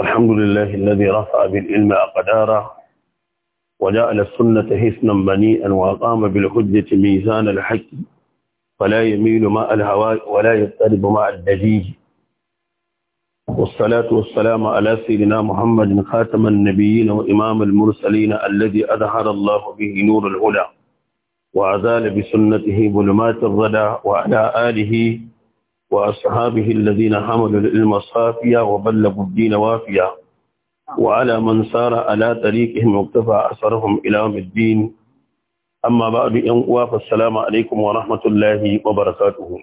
الحمد لله الذي رفع بالعلم أقدارا وجعل السنة حسنا بنيئا وأقام بالحجة ميزان الحق فلا يميل ماء الهواء ولا يضطرب ماء الدجيج والصلاة والسلام على سيدنا محمد خاتم النبيين وإمام المرسلين الذي أظهر الله به نور الهدى وأزال بسنته ظلمات الردى وعلى آله وأصحابه الذين حملوا العلم صافيا وبلغوا الدين وافيا وعلى من سار على طريقهم واقتفى أثرهم إلى يوم الدين أما بعد أن فالسلام عليكم ورحمة الله وبركاته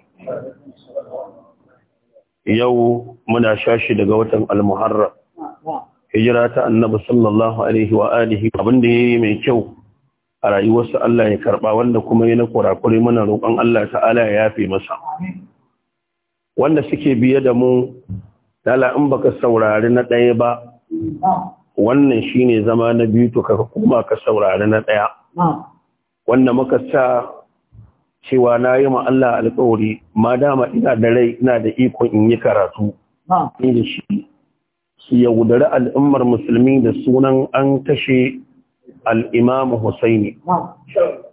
يوم من أشاش لقوة المحرم hijira ta annabi sallallahu alaihi wa alihi abin da yayi mai kyau a rayuwarsa Allah ya karba wanda kuma yana kurakure mana roƙon Allah ta'ala ya yafe masa wanda suke biye da mu lala in baka saurari na ɗaya ba wannan shine zama na biyu to ka kuma ka saurari na ɗaya wanda muka sa cewa na yi ma Allah alƙawari ma dama ina da rai ina da ikon in yi karatu da shi su yaudari al'ummar musulmi da sunan an kashe al'imamu Husaini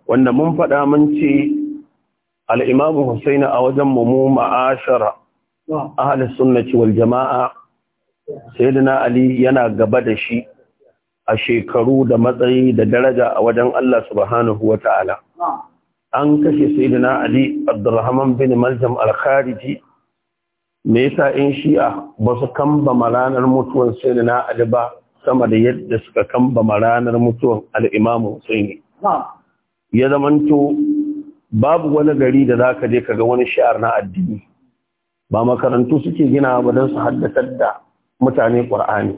wanda mun faɗa mun ce alimam Hussein a wajen mu ma'ashara ahalin sunnaci wal jama'a sayyidina Ali yana gaba da shi a shekaru da matsayi da daraja a wajen Allah subhanahu wa ta'ala. An kashe sayyidina Ali Abdurrahman bin Maljam al-Khariji me yasa in shi'a ba su kamba ranar mutuwan sayyidina Ali ba sama da yadda suka kamba ranar mutuwar al-Imam Husaini. Ya zamanto babu wani gari da za ka je ka ga wani shi'ar na addini ba makarantu suke gina ba don su haddatar da mutane ƙwar'ani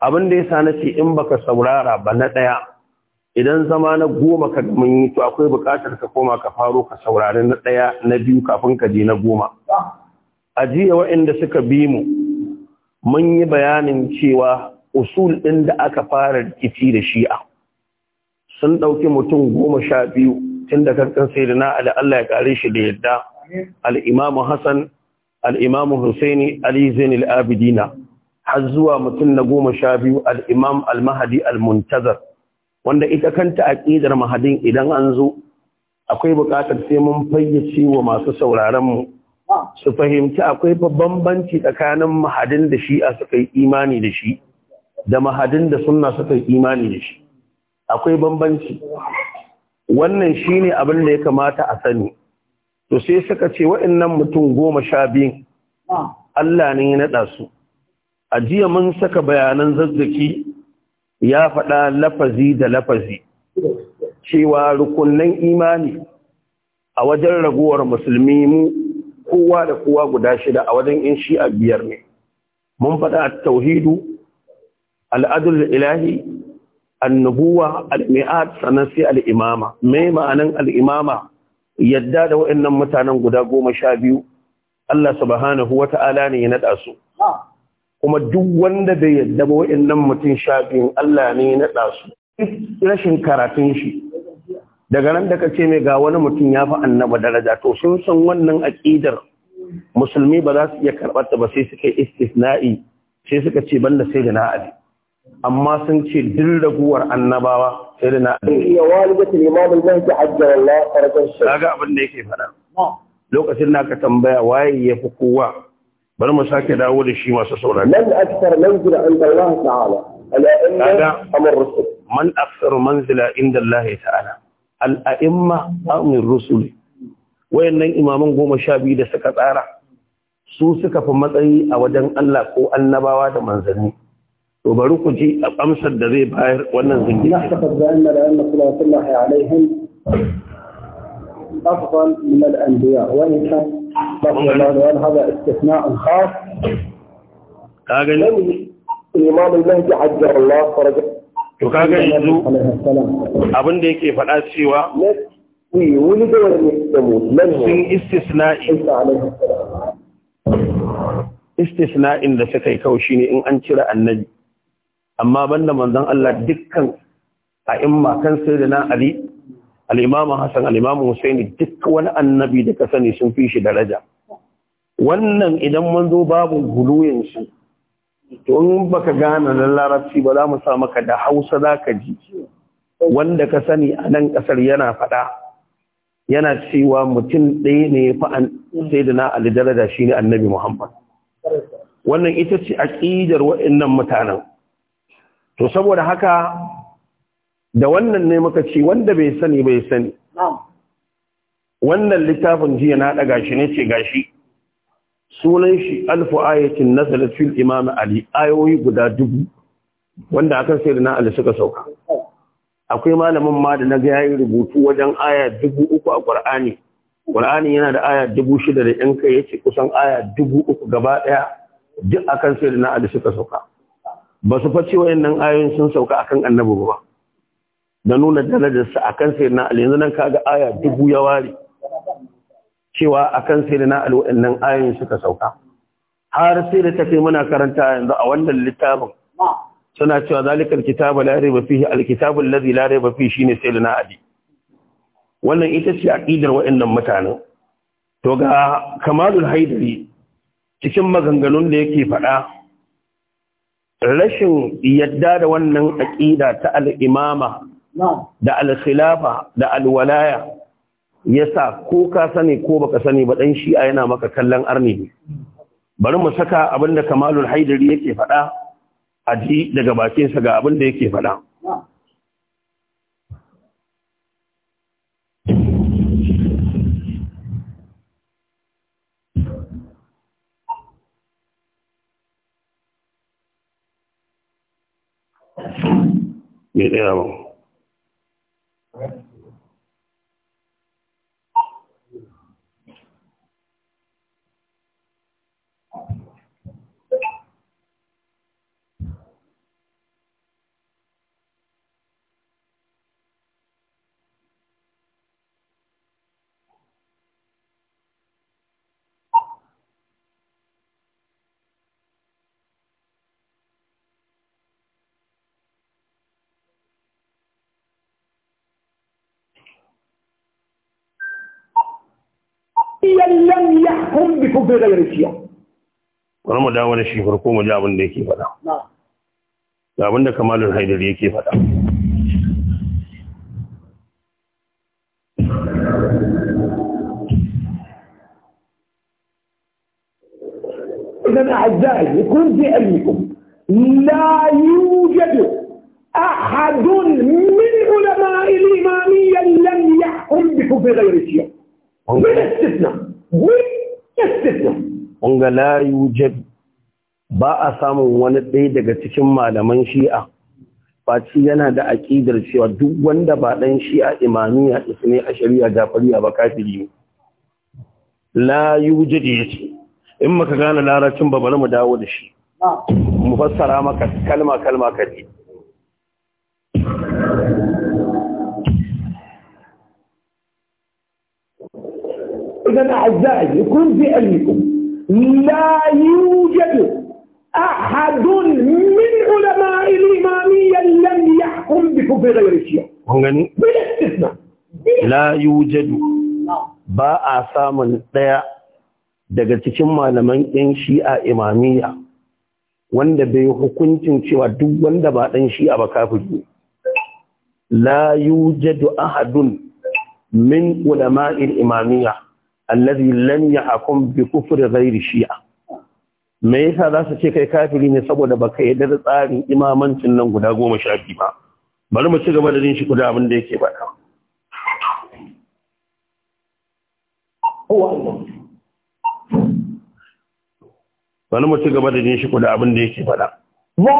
abin da ya sa na ce in baka saurara ba na ɗaya idan zama na goma ka mun yi to akwai buƙatar ka koma ka faro ka saurari na ɗaya na biyu kafin ka je na goma a jiya waɗanda suka bi mu mun yi bayanin cewa usul ɗin da aka fara rikici da shi'a sun ɗauki mutum goma sha biyu tunda da kankan sayyidina ali Allah ya kare shi da yadda al Hassan, hasan al-imamu husaini ali zainul abidina har zuwa mutum na goma sha biyu al-imam al-mahdi al muntazar wanda ita kanta aqidar mahadin idan an zo akwai buƙatar sai mun fayyace wa masu sauraronmu. mu su fahimci akwai bambanci tsakanin mahadin da shi'a suka yi imani da shi da mahadin da sunna suka yi imani da shi akwai bambanci wannan shi ne abin da ya kamata a sani to sai suka ce waɗannan mutum goma sha biyun. Allah ne ya naɗa su a jiya mun saka bayanan zazzaki ya faɗa lafazi da lafazi cewa rukunnan imani a wajen ragowar musulmi mu kowa da kowa guda shida a wajen in shi'a biyar ne mun faɗa a tauhidu al'adul ilahi annubuwa al-mi'at sannan sai al-imama me ma'anan al-imama yadda da waɗannan mutanen guda goma sha biyu Allah subhanahu wa ta'ala ne ya naɗa su kuma duk wanda bai yadda ba waɗannan mutum sha Allah ne ya naɗa su rashin karatun shi daga nan da kace mai ga wani mutum ya fi annaba daraja to sun san wannan aƙidar musulmi ba za su iya karɓar da ba sai suka istisna'i sai suka ce banda sai da na amma sun ce duk raguwar annabawa sai da na iya walidatul imam al-mahdi ajjalallah farajan shi kaga abin da yake fada lokacin na ka tambaya waye ya fi kowa bari mu sake dawo da shi masu saurari man akthar manzila inda Allah ta'ala al-a'imma amr rusul man akthar manzila inda Allah ta'ala al-a'imma amr rusul wayannan imaman goma sha biyu da suka tsara su suka fi matsayi a wajen Allah ko annabawa da manzanni to bari ku ji amsar da zai bayar wannan Na zikiri nahtafa da anna la anna sallallahu alaihim afdal min al anbiya wa in kan hada istisna' khas kaga imam al-mahdi ajjal Allah faraja to kaga yanzu abin da yake faɗa cewa wani da wani sun istisna'i istisna'in da suka yi kawo ne in an cire annabi amma banda manzon Allah dukkan a'imma kan sayyidina Ali al-Imam Hassan al-Imam Hussein duk wani annabi da ka sani sun fi shi daraja wannan idan mun zo babu guluyin shi to in baka gane na larabci ba za mu sa maka da Hausa zaka ji wanda ka sani a nan kasar yana fada yana cewa mutum ɗaya ne fa an sayyidina Ali daraja shine annabi Muhammad wannan ita ce aqidar waɗannan mutanen to saboda haka da wannan ne muka ce wanda bai sani bai sani wannan littafin jiya na daga shi ne ce gashi sunan shi alfu ayatin nasalat imam ali ayoyi guda dubu wanda akan sai da na ali suka sauka akwai malamin ma da naga yayin rubutu wajen aya dubu uku a qur'ani qur'ani yana da aya dubu shida da yanka kai yace kusan aya dubu uku gaba daya duk akan sai da na ali suka sauka ba su faci wayannan ayoyin sun sauka akan annabi ba da nuna sa akan sayyidina ali yanzu nan kaga aya dubu ya ware cewa akan sayyidina ali wayannan ayoyin suka sauka har sai da take muna karanta yanzu a wannan littafin suna cewa zalikal kitabu la raiba fihi alkitabu alladhi la raiba fihi shine sayyidina ali wannan ita ce aqidar wayannan mutane to ga kamalul haidari cikin maganganun da yake faɗa rashin yadda da wannan aƙida ta al'imama da alkhilafa da alwalaya ya sa ko ka sani ko baka sani ba ɗan shi'a yana maka kallon arni bari mu saka abin da kamalul haidari yake faɗa a ji daga bakinsa ga abin da yake faɗa bai tsaya ba لم يحكم بكفر غير الشيعه wani mu dawo da shi farko mu ji abin da yake faɗa da نعم. abin da kamalul haidar أعزائي يكون في علمكم لا يوجد أحد من علماء الإمامية لم يحكم بكفر غير من استثناء Wanga la yujad ba a samun wani ɗaya daga cikin malaman shi'a faci yana da aƙidar cewa duk wanda ba ɗan shi'a imamiya isne a shari'a jafariya ba kafiri la yujad yace in maka gane larabcin ba bari mu dawo da shi ah. mu fassara maka kalma kalma kaje بيننا أعزائي يكون في علمكم لا يوجد أحد من علماء الإمامية لم يحكم بكفر غير الشيعة بالاستثناء لا يوجد باء a samun ɗaya daga cikin malaman 'yan shi'a imamiyya wanda bai hukuncin cewa duk wanda ba ɗan shi'a ba kafiri la yujadu ahadun min ulama'il imamiyya allazi lam yahkum bi kufri ghairi shi'a me yasa za su ce kai kafiri ne saboda baka yarda da tsarin imamancin nan guda goma sha biyu ba bari mu ci gaba da jin shi guda abin da yake baka bari mu ci gaba da jin shi abin da yake faɗa. Wa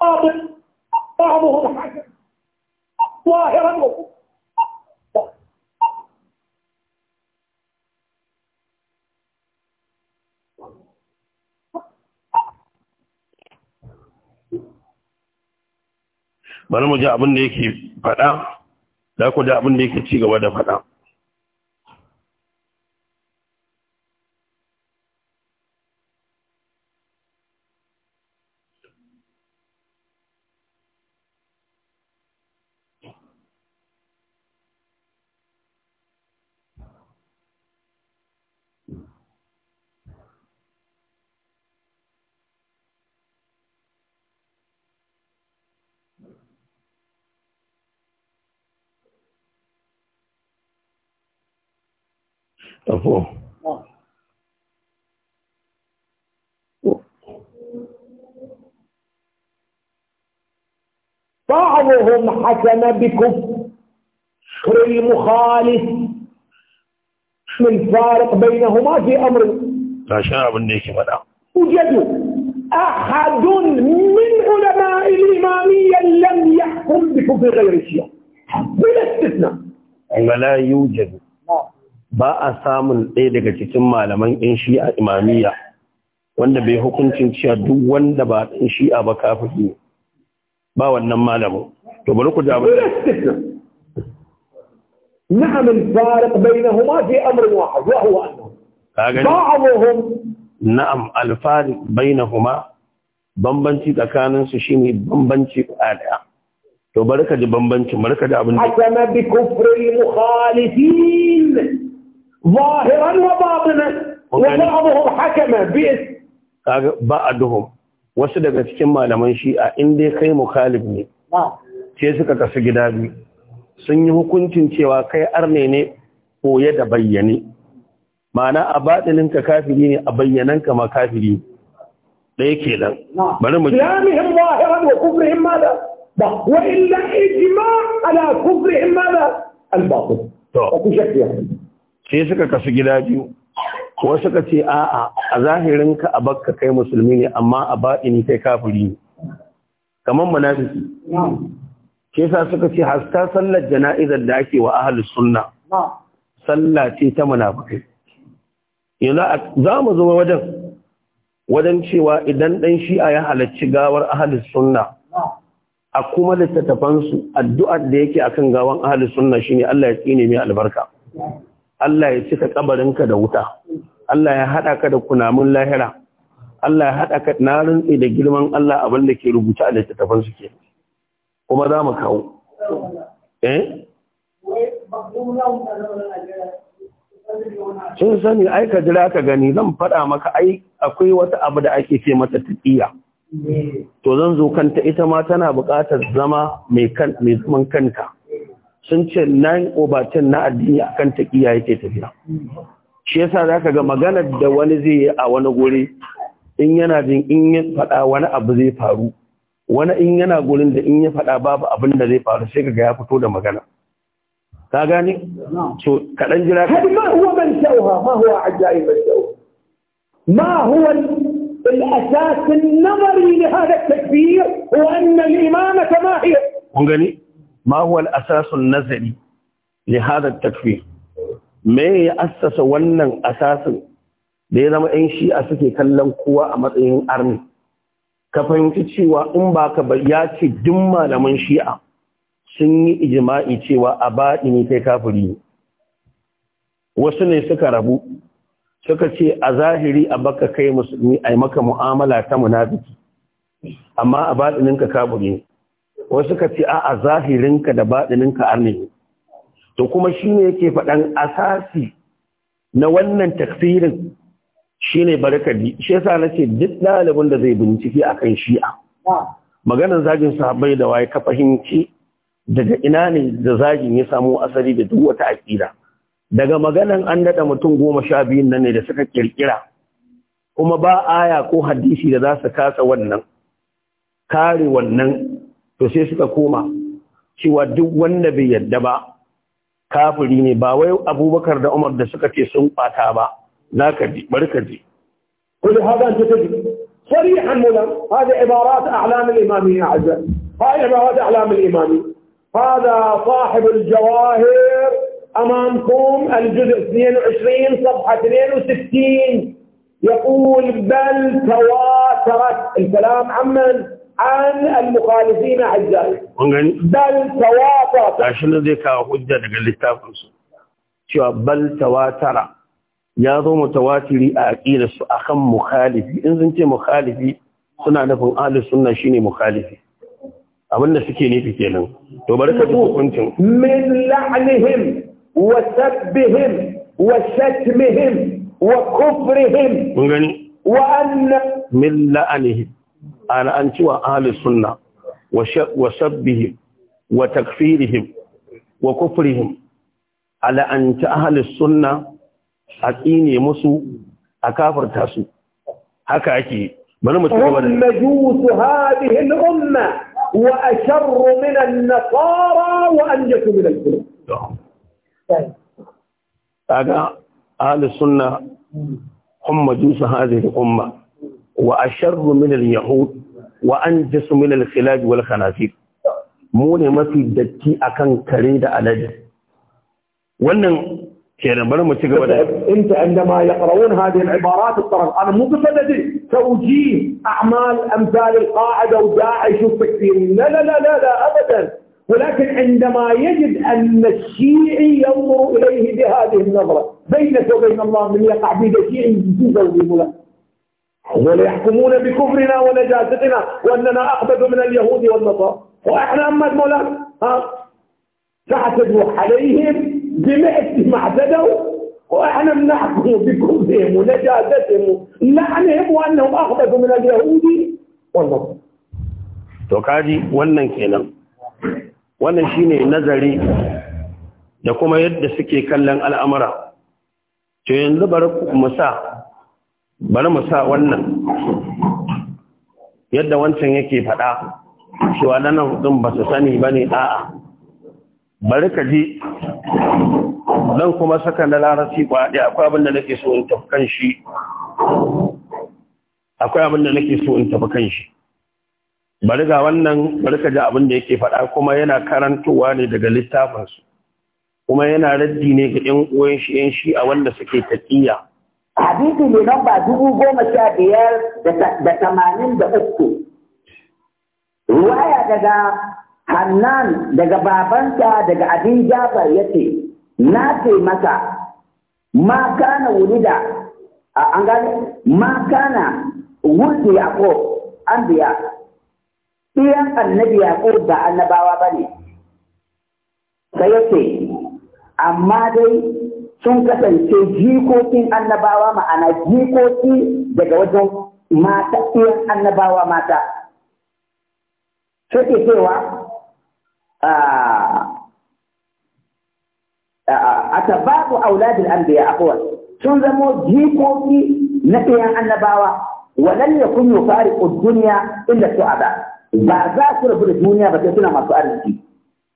abin, ba mu wa hirar bari mu ji abin da yake faɗa da ku da abin da yake ci gaba da faɗa بعضهم حكم بكفر المخالف الفارق بينهما في أمر لا شاب النيك ولا وجدوا أحد من علماء الإمامية لم يحكم بكفر غير الشيعة بلا استثناء ولا يوجد ba a samun ɗaya daga cikin malaman ɗin shi'a imamiyya wanda bai hukuncin cewa duk wanda ba ɗin shi'a ba kafin ba wannan malamin to bari ku jabu نعم الفارق بينهما في أمر واحد وهو أنه بعضهم نعم الفارق huma bambanci su shi ne bambanci ɗaya to bari ka ji bambanci bari ka ji abin da bi kufurin muhalifin ظاهرا وباطنا وبعضهم حكم باسم ba'aduhum wasu daga cikin malaman a inda ya kai mukhalif ne sai suka kasu gida biyu sun yi hukuncin cewa kai arne ne koye da bayyane Mana a baɗinin ka kafiri ne a bayyanan ka ma kafiri ɗaya ke nan bari mu ji yamihim zahiran wa kufrihim mada ba wa illa ijma ala kufrihim mada al-batil to sai suka kasu gida biyu wasu suka ce a'a a zahirin ka a bakka kai musulmi ne amma a baini kai kafiri ne kamar munafiki sai sa suka ce haska sallar jana'izar da ake wa ahalus sunna sallah ce ta munafikai yanzu za mu zo wajen wajen cewa idan ɗan shi'a ya halarci gawar ahalus sunna a kuma littattafansu addu'ar da yake akan gawan ahalus sunna shine Allah ya tsine mai albarka Allah ya cika kabarinka da wuta Allah ya hada ka da kunamun lahira Allah ya hada ka na rantsi da girman Allah abin da ke rubuta a littattafan suke, ke kuma za mu kawo eh sun sani ai ka jira ka gani zan faɗa maka ai akwai wata abu da ake ce mata taqiya to zan zo kanta ita ma tana buƙatar zama mai kan mai zaman kanta sun ce 9 over 10 na addini akan taqiya yake tafiya shi yasa ka ga maganar da wani zai yi a wani gore in yana jin in yi faɗa wani abu zai faru wani in yana gurin da in yi faɗa babu abin da zai faru sai ga ya fito da magana ka gane so kaɗan jira ka ma huwa man shauha ma huwa ajayi man shauha ma huwa الاساس النظري لهذا التكبير هو ان الامامه ما هي kun gani ما هو الاساس asasun nazari التكفير hadha takfir me ya assasa wannan asasin da ya zama ɗan shi'a suke kallon kowa a matsayin arni ka fahimci cewa in ba ka ya ce duk malaman shi'a sun yi ijima'i cewa a baɗi ne kai kafiri wasu ne suka rabu suka ce a zahiri a baka kai musulmi a maka mu'amala ta munafiki amma a baɗi ninka kafiri wasu ka ce a'a zahirinka da baɗininka arni to kuma shi ne yake faɗan asasi na wannan tafsirin shi ne barkadi shi yasa na ce duk ɗalibin da zai bincike a kan shi'a maganar zagin sahabbai da waye ka fahimci daga ina ne da zagin ya samo asali da duk wata aƙida daga maganan an daɗa mutum goma sha biyun nan ne da suka ƙirƙira kuma ba aya ko hadisi da za su kasa wannan kare wannan to sai suka koma cewa duk wanda bai yadda ba kafiri ne ba wai abubakar da umar da suka ce sun kwata ba za ka ji bari ji kul hada ta taji sarihan mulan hada ibarat a'lam al-imami azza hada ibarat a'lam al-imami hada sahib al-jawahir امامكم الجزء 22 صفحه 62 يقول بل تواترت الكلام عمن an al-mukhalifina hajja kun gani bal tawata gashi ne zai kawo hujja daga littafin su cewa bal tawatara ya zo mutawatiri a aqidar su akan mukhalifi in sun ce mukhalifi suna nufin ahlus sunna shine mukhalifi da suke nufi kenan to bari ka ji hukuncin min la'nihim wa sabbihim wa shatmihim wa kufrihim kun gani wa anna min la'nihim ana an ciwa ahli sunna wa sabbihim wa takfirihim wa kufrihim ala an ta ahli sunna a tsine musu a kafarta su haka ake bari mu ci gaba da majus hadhihi al-umma wa ashar min an-nasara wa anjat min al-kulub kaga ahli sunna هم مجوس wa من الخلاج والخنازير al-khilaj في khanasir mu ne mafi datti akan kare da alade wannan kenan bari mu ci gaba da inta عندما يقرؤون هذه العبارات الطرف انا مو بصددي توجيه اعمال امثال القاعده وداعش والتكفير لا لا لا لا لا ابدا ولكن عندما يجد ان الشيعي ينظر اليه بهذه النظره بينك وبين الله من يقع في شيعي يجوز ويقول هذول يحكمون بكفرنا ونجاستنا وأننا أقبض من اليهود والنصارى وإحنا أما مولانا ها تعتدوا عليهم بمئة ما اعتدوا وإحنا بنحكم بكفرهم ونجاستهم لعنهم وأنهم أقبضوا من اليهود والنصارى to kaji wannan kenan wannan shine nazari da kuma yadda suke kallon al'amura to yanzu bari mu sa bari mu sa wannan yadda wancan yake faɗa cewa nan ɗin ba su sani ba ne a'a bari ka ji zan kuma saka na larasi kwaɗe akwai abin da nake so in tafi kan shi akwai abin da nake so in tafi kan shi bari ga wannan bari ka ji abin da yake faɗa kuma yana karantowa ne daga littafinsu kuma yana raddi ne ga 'yan uwan shi 'yan shi a wanda suke tafiya. hadisi ne namba dubu goma sha biyar da tamanin da uku ruwaya daga hannan daga babanta daga abin jafar ya ce na ce masa ma kana wulida an gane ma kana an biya, iyan annabi yaqo ba annabawa ba ne, sai yace amma dai sun kasance jikokin annabawa ma'ana jikoki daga wajen mata iya annabawa mata suke cewa a tababu auladin anbiya akwai sun zamo jikoki na iyan annabawa yi fari yufariqu duniya inda su su'ada ba za su rabu da duniya ba sai suna masu arziki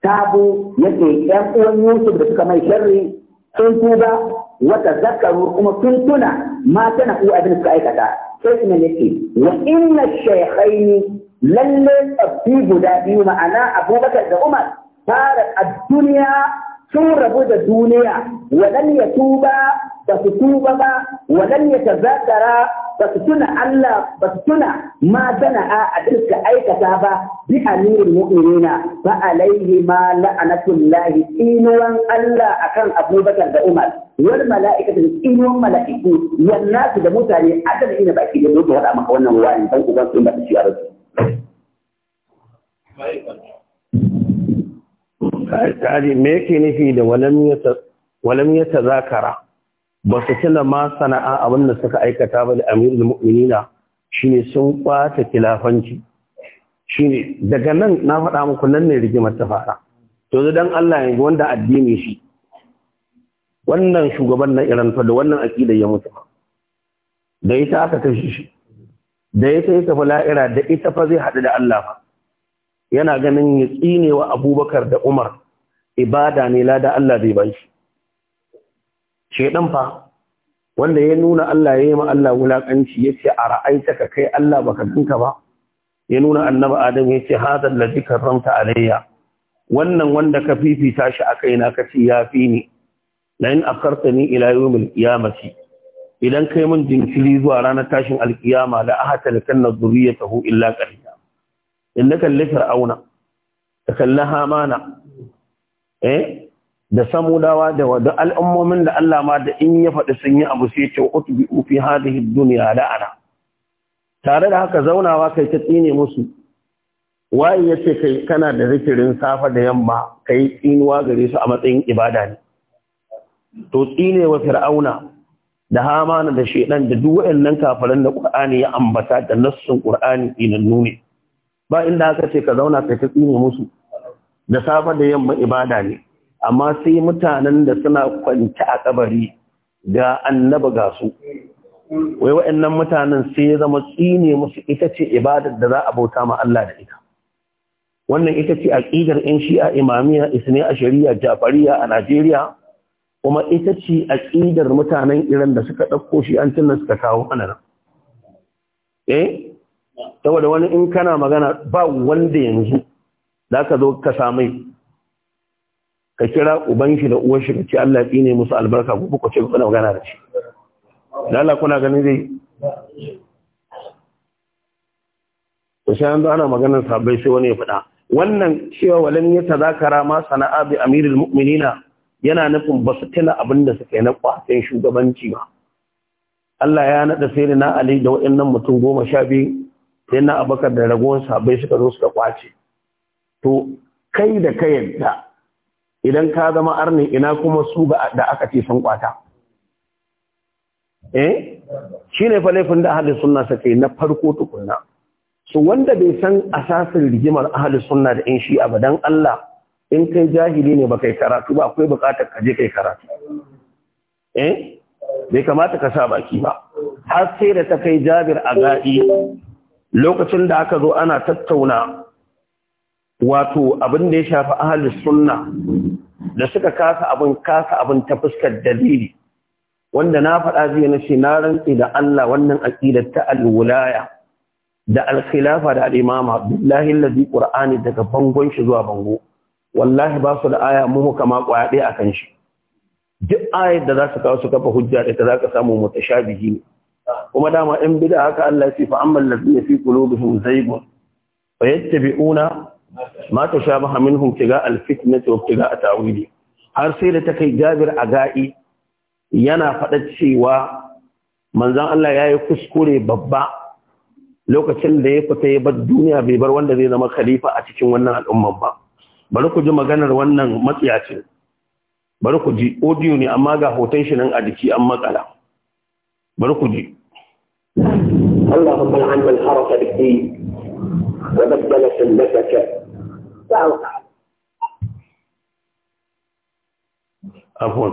tabo yake yan uwan Yusuf da suka mai sharri sun tuba wata zakaru kuma sun tuna ma tana uwa abin suka aikata sai ina yake wa inna shaykhaini lalle tsaffi guda biyu ma'ana abubakar da umar tara a duniya sun rabu da duniya waɗan ya tuba ba su tuba ba waɗan ya tazakara ba su tuna Allah ba su tuna ma sana'a a duka aikata ba bi amirin mu'minina ba alaihi ma lahi inuwan Allah akan Abubakar da Umar wal mala'ikatu inuwan mala'iku wal nasu da mutane akan ina baki da mutu hada maka wannan wani dan uban sun ba su shi a rasu. me yake nufi da walam ya zakara, ba su tuna ma sana'a abin da suka aikata ba da amirul mu'minina ne sun kwata kilafanci ne, daga nan na faɗa muku nan ne rigimar ta fara to don Allah ya wanda addini shi wannan shugaban na Iran fa da wannan da ya mutu da ita aka kashe shi da ita ita tafi la'ira da ita fa zai haɗu da Allah fa yana ganin ya tsine wa abubakar da umar ibada ne lada Allah zai bai shi shedan fa wanda ya nuna Allah ya yi ma Allah wulakanci ya ce a ra'aita ka kai Allah baka ganka ba ya nuna annaba adam ya ce hadha allazi karramta alayya wannan wanda ka fifita shi a kaina ka ce ya fi ni la in akartani ila yawmil qiyamati idan kai mun jinkiri zuwa ranar tashin alkiyama la ahata ya dhurriyatahu illa qalil in na kalli fir'auna da kalli hamana eh da samudawa da wada al'ummomin da Allah ma da in ya faɗi sun yi abu sai ce utbi fi hadhihi dunya la'ana tare da haka zaunawa kai ta tsine musu waye yace kai kana da zikirin safa da yamma kai tsinuwa gare su a matsayin ibada ne to tsine wa fir'auna da hamana da shedan da duk waɗannan kafaran da Qur'ani ya ambata da nassun Qur'ani inan ba inda aka ce ka zauna ka ka tsine musu da safe da yamma ibada ne amma sai mutanen da suna kwanci a kabari ga annaba ga su wai wa'annan mutanen sai ya zama tsine musu ita ce ibada da za a bauta ma Allah da ita wannan ita ce aqidar yan shi'a imamiya isne a shari'a jafariya a Najeriya kuma ita ce aqidar mutanen Iran da suka dauko shi an tunna suka kawo ana eh saboda wani in kana magana ba wanda yanzu za ka zo ka samai ka kira uban shi da uwar shi ka ce Allah ya ne musu albarka ko ku ce ku kana magana da shi da Allah kuna ganin zai to sai yanzu ana maganar sabai sai wani ya faɗa wannan cewa walin ya tazakara ma sana'a bi amirul mu'minina yana nufin ba su tuna abin da suka yi na kwacin shugabanci ba Allah ya naɗa sai na Ali da waɗannan mutum goma sha biyu sai na abakar da ragowar bai suka zo suka kwace to kai da ka yadda idan ka zama arni ina kuma su da aka ce sun kwata eh shine fa laifin da ahli sunna suka yi na farko tukunna Su wanda bai san asasin rigimar ahli sunna da in shi abadan Allah in kai jahili ne ba karatu ba akwai bukatar ka je kai karatu eh bai kamata ka sa baki ba har sai da ta kai Jabir a gadi lokacin da aka zo ana tattauna wato abin da ya shafi ahalus sunna da suka kasa abin kasa abin ta fuskar dalili wanda na faɗa zai na ce na rantsi da Allah wannan aqidar ta alwulaya da alkhilafa da Alimama, Abdullahi billahi allazi daga bangon shi zuwa bango wallahi ba su da aya mu kama kwaya ɗaya akan shi duk ayar da za su kawo su kafa hujja da ta za ka samu mutashabihi ne kuma dama ɗan bida haka Allah ce fa amman lafi ya fi kulubihim zaigun wa yattabi'una ma tashabaha minhum tiga alfitnati wa tiga atawili har sai da ta kai Jabir a ga'i yana faɗa cewa manzon Allah ya yi kuskure babba lokacin da ya fita ya bar duniya bai bar wanda zai zama khalifa a cikin wannan al'umman ba bari ku ji maganar wannan matsiyacin bari ku ji audio ne amma ga hoton shi nan a jiki an makala bari ku اللهم اللهم من حرف بالدين وبدل سنتك فأوقع عفوا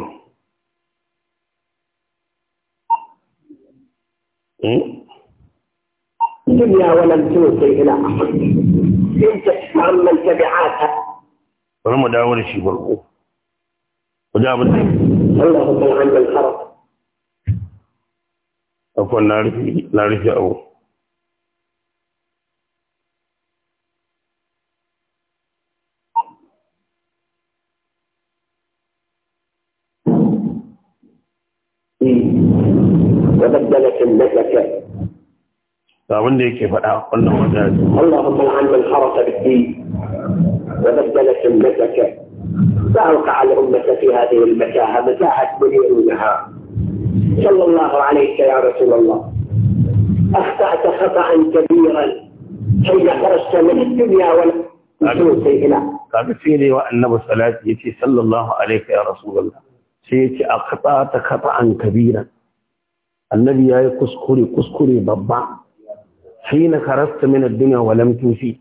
الدنيا إيه؟ ولم توصي إلى أحد إن تتحمل تبعاتها ولم داول شيء برضو وجاب اللهم من حرف akwai na rufe abu abin da yake faɗa wannan wajen Allah mutum an man harasa da fi wa baddala sunnataka sa'arka ala ummata fi hadhihi al-mataha mata'at dunya wa صلى الله عليك يا رسول الله أخطأت خطأ كبيرا حين خرجت من الدنيا والنفوس إلى kaga sai dai wa annabi salati yace sallallahu alaihi ya rasulullah sai yace akhta'ata khata'an kabiran annabi yayi kuskure kuskure babba hina karasta min duniya dunya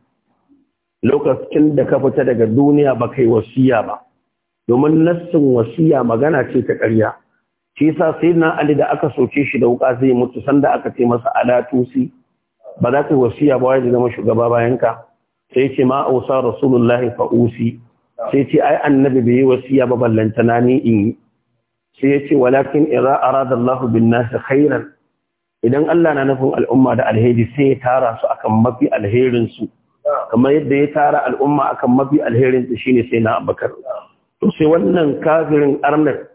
lokacin da ka fita daga duniya ba kai wasiya ba domin nassin wasiya magana ce ta ƙarya shi yasa sayyidina ali da aka soke shi da wuka zai mutu sanda aka ce masa ala tusi ba za ka wasiya ba wai zama shugaba bayan ka sai ce ma ausa rasulullahi fa usi sai ce ai annabi bai yi wasiya ba ballanta na ni in yi sai ya ce walakin idza arada Allahu bin nasi khairan idan Allah na nufin al'umma da alheri sai ya tara su akan mafi alherin su kamar yadda ya tara al'umma akan mafi alherin su shine sai na Abubakar to sai wannan kafirin arnar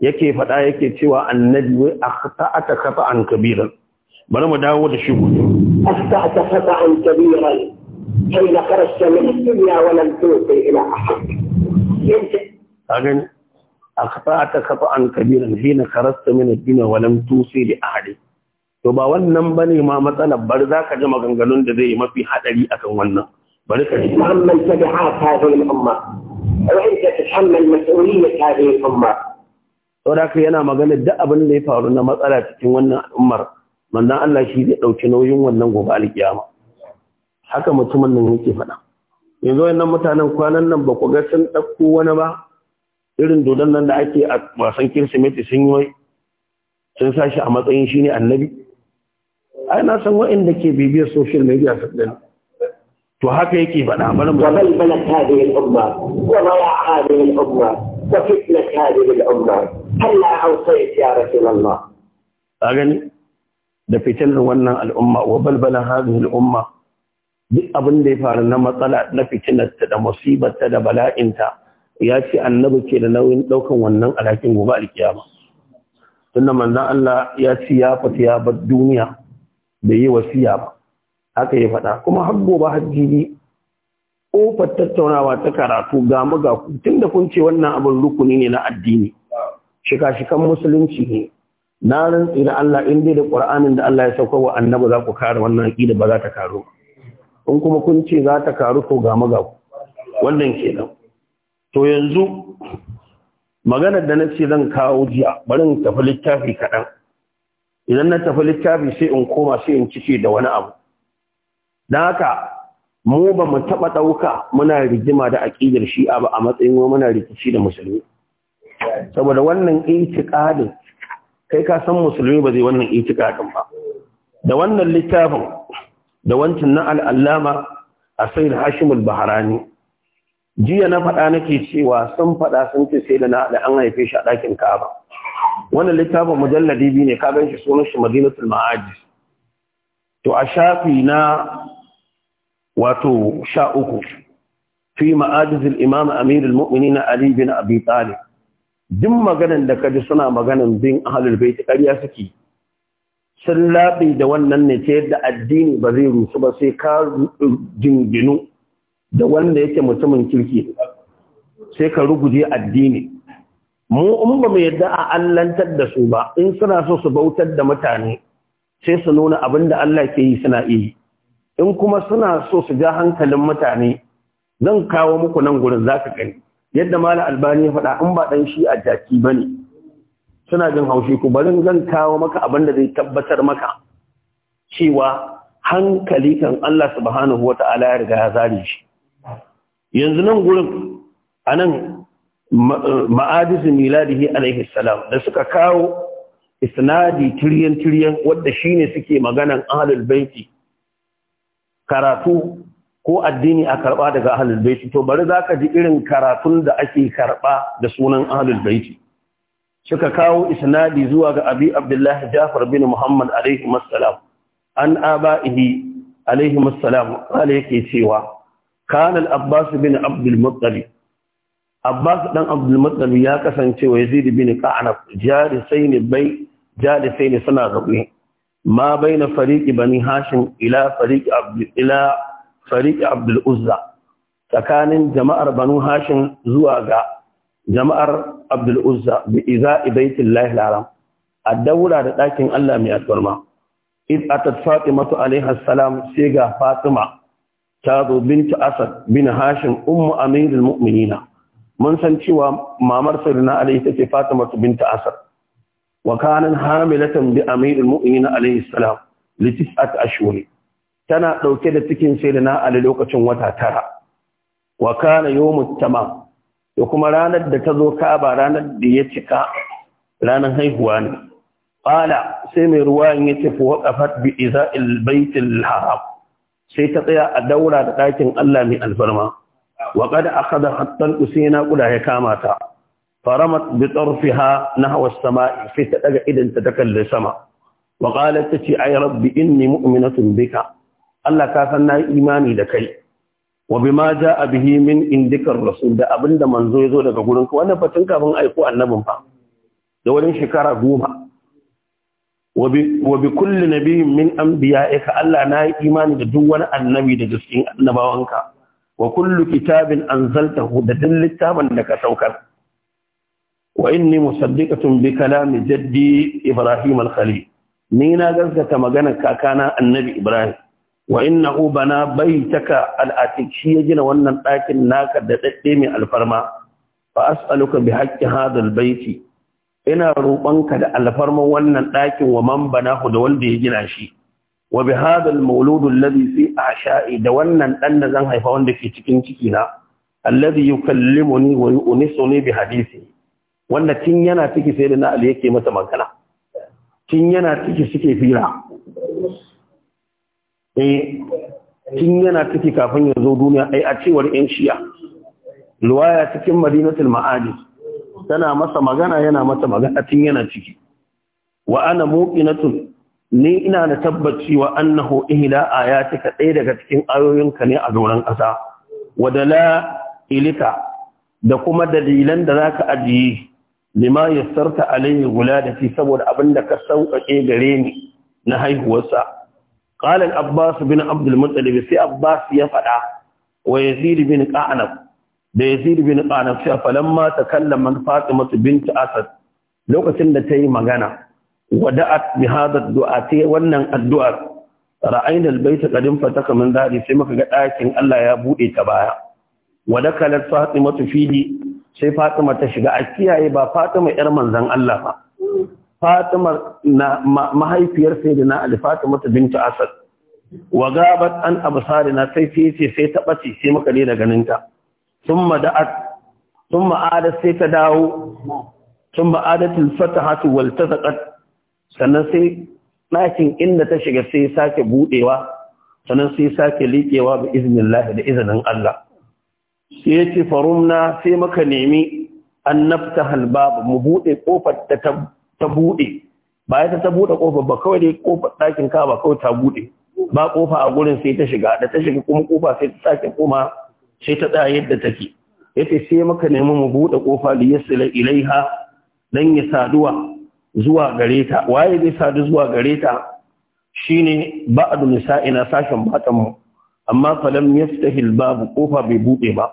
yake faɗa yake cewa annabi wai kafa an kabiran bari mu dawo da shi gudu akhta'ata khata'an kabiran حين خرجت من الدنيا ولم توصل aka kafa an أخطأت خطأ كبيرا حين خرجت duniya wannan ولم توصي لأحد to ba wannan bane ma matsalar bar za ka ji maganganun da zai yi mafi hadari akan wannan bari ka ji muhammad tabi'at hadhihi al-umma wa anta tahammel mas'uliyyat ta al amma. saboda yana magana duk abin da ya faru na matsala cikin wannan al'ummar manzon Allah shi zai dauki nauyin wannan gobe alkiyama haka mutumin nan yake faɗa yanzu wannan mutanen kwanan nan ba ku ga sun ɗauko wani ba irin dodon nan da ake a wasan kirsimeti sun yi sun sa shi a matsayin shi ne annabi ai na san wa'inda ke bibiyar social media su ɗin to haka yake faɗa bari mu bal bal hadhihi al-umma wa ra'a hadhihi yin umma wa ta hadhihi yin umma halla ya rasulullah gani da fitilar wannan al'umma wa balbala hadhihi al'umma duk abin da ya faru na matsala na fitilarta da musibarta da bala'inta ya ce annabi ke da nauyin ɗaukan wannan alhakin gobe alkiyama tunda manzan Allah ya ci ya fita ya bar duniya bai yi wasiya ba haka ya faɗa kuma har gobe ƙofar tattaunawa ta karatu ga mu tun da kun ce wannan abin rukuni ne na addini shika-shikan musulunci ne na rantsi da Allah in dai da ƙwar'anin da Allah ya sauka wa annabi za ku kare wannan aqida ba za ta karu in kuma kun ce za ta karu to ga maga wannan ke nan. to yanzu maganar da na ce zan kawo jiya bari in tafi littafi kaɗan idan na tafi littafi sai in koma sai in cike da wani abu don haka mu ba mu taɓa ɗauka muna rigima da aƙidar shi'a ba a matsayin muna rikici da musulmi saboda wannan itikadin kai ka san musulmi ba zai wannan itikadin ba da wannan littafin da wancan na al'allama a hashim hashimul baharani jiya na faɗa nake cewa sun faɗa sun ce sai da na da an haife shi a ɗakin ka'aba wannan littafin mujalladi biyu ne ka gan shi sunan shi madinatul ma'aji to a shafi na wato sha uku fi ma'ajizil imam amirul mu'minin ali bin abi talib duk maganan da kaji suna maganan bin ahlul bait ƙarya suke sun labe da wannan ne ta yadda addini ba zai rusu ba sai ka jinginu da wanda yake mutumin kirki sai ka ruguje addini mu in ba mu yadda a allantar da su ba in suna so su bautar da mutane sai su nuna abin da Allah ke yi suna iya in kuma suna so su ja hankalin mutane zan kawo muku nan gurin za ka gani yadda mala albani ya faɗa in ba ɗan shi a jaki ba ne suna jin haushi ku bari zan kawo maka abin da zai tabbatar maka cewa hankali kan Allah subhanahu wa ta'ala ya riga ya zare shi yanzu nan gurin a nan eh, ma'adisu miladihi alaihi salam da suka kawo isnadi tiryan tiryan wadda shine suke maganan ahlul baiti karatu ko addini a karba daga ahlul baiti to bari zaka ji irin karatun da ake karba da sunan ahlul baiti suka kawo isnadi zuwa ga abi abdullahi jafar bin muhammad alaihi assalam an abaihi alaihi assalam kale yake cewa kana al-abbas bin abdul muttalib abbas dan abdul muttalib ya kasance wa yazid bin ka'anab jarisaini bai jarisaini suna gabe ma baina fariqi bani hashim ila fariqi abdul ila tsariƙi abdul tsakanin jama'ar banu hashin zuwa ga jama'ar abdul uzza bi iza ibaitin lahilaram a daura da ɗakin allah mai alfarma id atat fatimatu matu salam sai ga fatima ta zo binta asad bin hashin ummu amirul mu'minina mun san cewa mamar sirrina alaihi take fatimatu binta asad wa kanan hamilatan bi amirul mu'minina alaihi salam litis'at ashhur tana ɗauke da cikin na ali lokacin wata tara wa kana yawmut tamam da kuma ranar da ta zo kaba ranar da ya cika ranar haihuwa ne Bala, sai mai ruwayan yace fa waqafat bi iza'il baitil haram sai ta tsaya a daura da ɗakin Allah mai alfarma wa qad akhadha hatta usaina kuda ya kama ta faramat bi tarfiha na as-sama'i sai ta ɗaga idan ta kalle sama wa ta ce ay rabbi inni mu'minatun bika Allah ka san na imani da kai wa bima jaa bihi min indikar rasul da abinda manzo yazo daga gurin ka wannan batun kafin aiko annabin fa da wani shekara goma wa bi kulli nabiyyin min anbiya'ika Allah na yi imani da duk wani annabi daga cikin annabawanka wa kullu kitabin anzaltahu da duk littafin da ka saukar wa inni musaddiqatun bi kalami jaddi Ibrahim al-Khalil ni na gaskata maganar kakana annabi Ibrahim wa bana bai taka atiq shi ya gina wannan ɗakin naka da dadde mai alfarma a as'aluka bi haqqi hadha baiti ina roƙonka da alfarman wannan ɗakin wa man banahu da wanda ya gina shi wa bi hadal mauludun mawlud alladhi a asha'i da wannan dan da zan haifa wanda ke cikin ciki na alladhi yukallimuni wa yu'nisuni bi hadisi wanda tun yana ciki sai da na ali yake masa magana tun yana ciki suke fira Eh, tun yana ciki kafin ya zo duniya ai a cewar yan shiya luwaya cikin madinatul ma'adi tana masa magana yana masa magana tun yana ciki wa ana muqinatun ni ina da tabbaci wa annahu ihla ayatika ɗaya daga cikin ayoyinka ne a doron ƙasa wa ilika da kuma dalilan da zaka ajiye lima yassarta alaihi guladati saboda abin da ka sauƙaƙe gare ni na haihuwarsa قال الأباس بن عبد المطلب سي أباس يفعل ويزيد بن قعنب بيزيد بن قعنب فلما تكلم من فاطمة بنت أسد لو كنت تي مغانا ودعت بهذا الدعاء وانا الدعاء رأينا البيت قد انفتك من ذلك سيما كتاكين الله يبوئي تبايا ودخلت فاطمة فيه سي فاطمة تشغى أكيا إبا فاطمة إرمان زن الله fatimar na mahaifiyar sayyidina ali fatimatu bintu asad wa gabat an absarina sai sai ce sai ta bace sai muka daina ganin ta Summa da'at summa adat sai ta dawo Summa adatul fatahatu wal tazaqat. sannan sai ɗakin inda ta shiga sai sake budewa sannan sai sake liƙewa bi iznillah da izinin Allah sai yace farumna sai muka nemi an naftaha al mu bude kofar ta ta buɗe ba ya ta buɗe ƙofa ba kawai dai ƙofar ɗakin ka ba kawai ta buɗe ba ƙofa a gurin sai ta shiga da ta shiga kuma ƙofa sai ta sake koma sai ta tsaya yadda take yace sai maka nemi mu buɗe ƙofa li yasila ilaiha dan ya saduwa zuwa gare ta waye zai sadu zuwa gare ta shine ba'du ina sashen batan mu amma falam yaftahi al-bab ƙofa bai buɗe ba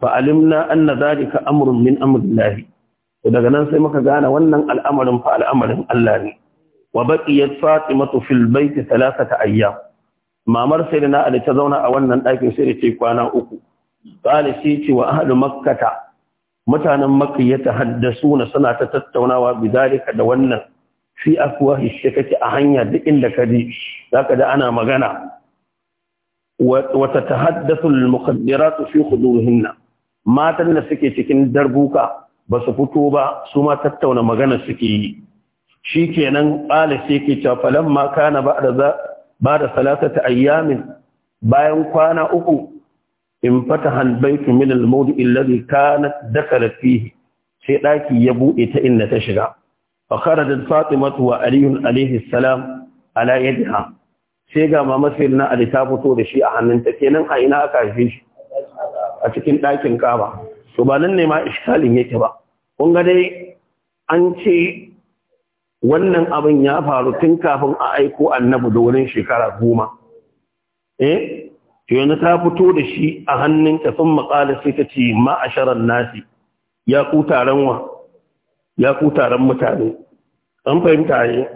fa alimna anna zalika amrun min amrillahi daga nan sai muka gane wannan al'amarin fa al'amarin Allah ne wa baqiyat fatimatu fil bayt thalathata ayyam mamar na ali ta zauna a wannan ɗakin sai da ce kwana uku qala sai ce wa ahlu makkata mutanen makka ya tahaddasuna suna ta tattaunawa bidalika da wannan fi afwahi shakati a hanya duk inda ka ji zaka da ana magana وتتحدث المخدرات fi خدورهن matan da suke cikin darbuka ba su fito ba su ma tattauna magana suke yi shi kenan ƙala sai ke cewa falamma kana ba da ba da ayyamin bayan kwana uku in fata hanbaitu min almawdi alladhi kanat dakala fihi sai daki ya bude ta inda ta shiga fa kharajat fatimatu wa ali alayhi salam ala yadiha sai ga mama sayyidina ali ta fito da shi a hannunta kenan a ina aka haife shi a cikin dakin kaba to ba nan ne ma iskalin yake ba kun ga dai an ce wannan abin ya faru tun kafin a aiko annabi da wurin shekara goma eh to yanzu ta fito da shi a hannun ka sun maƙala sai ta ce ma'asharan nasi ya ku taron wa ya ku taron mutane an fahimta yi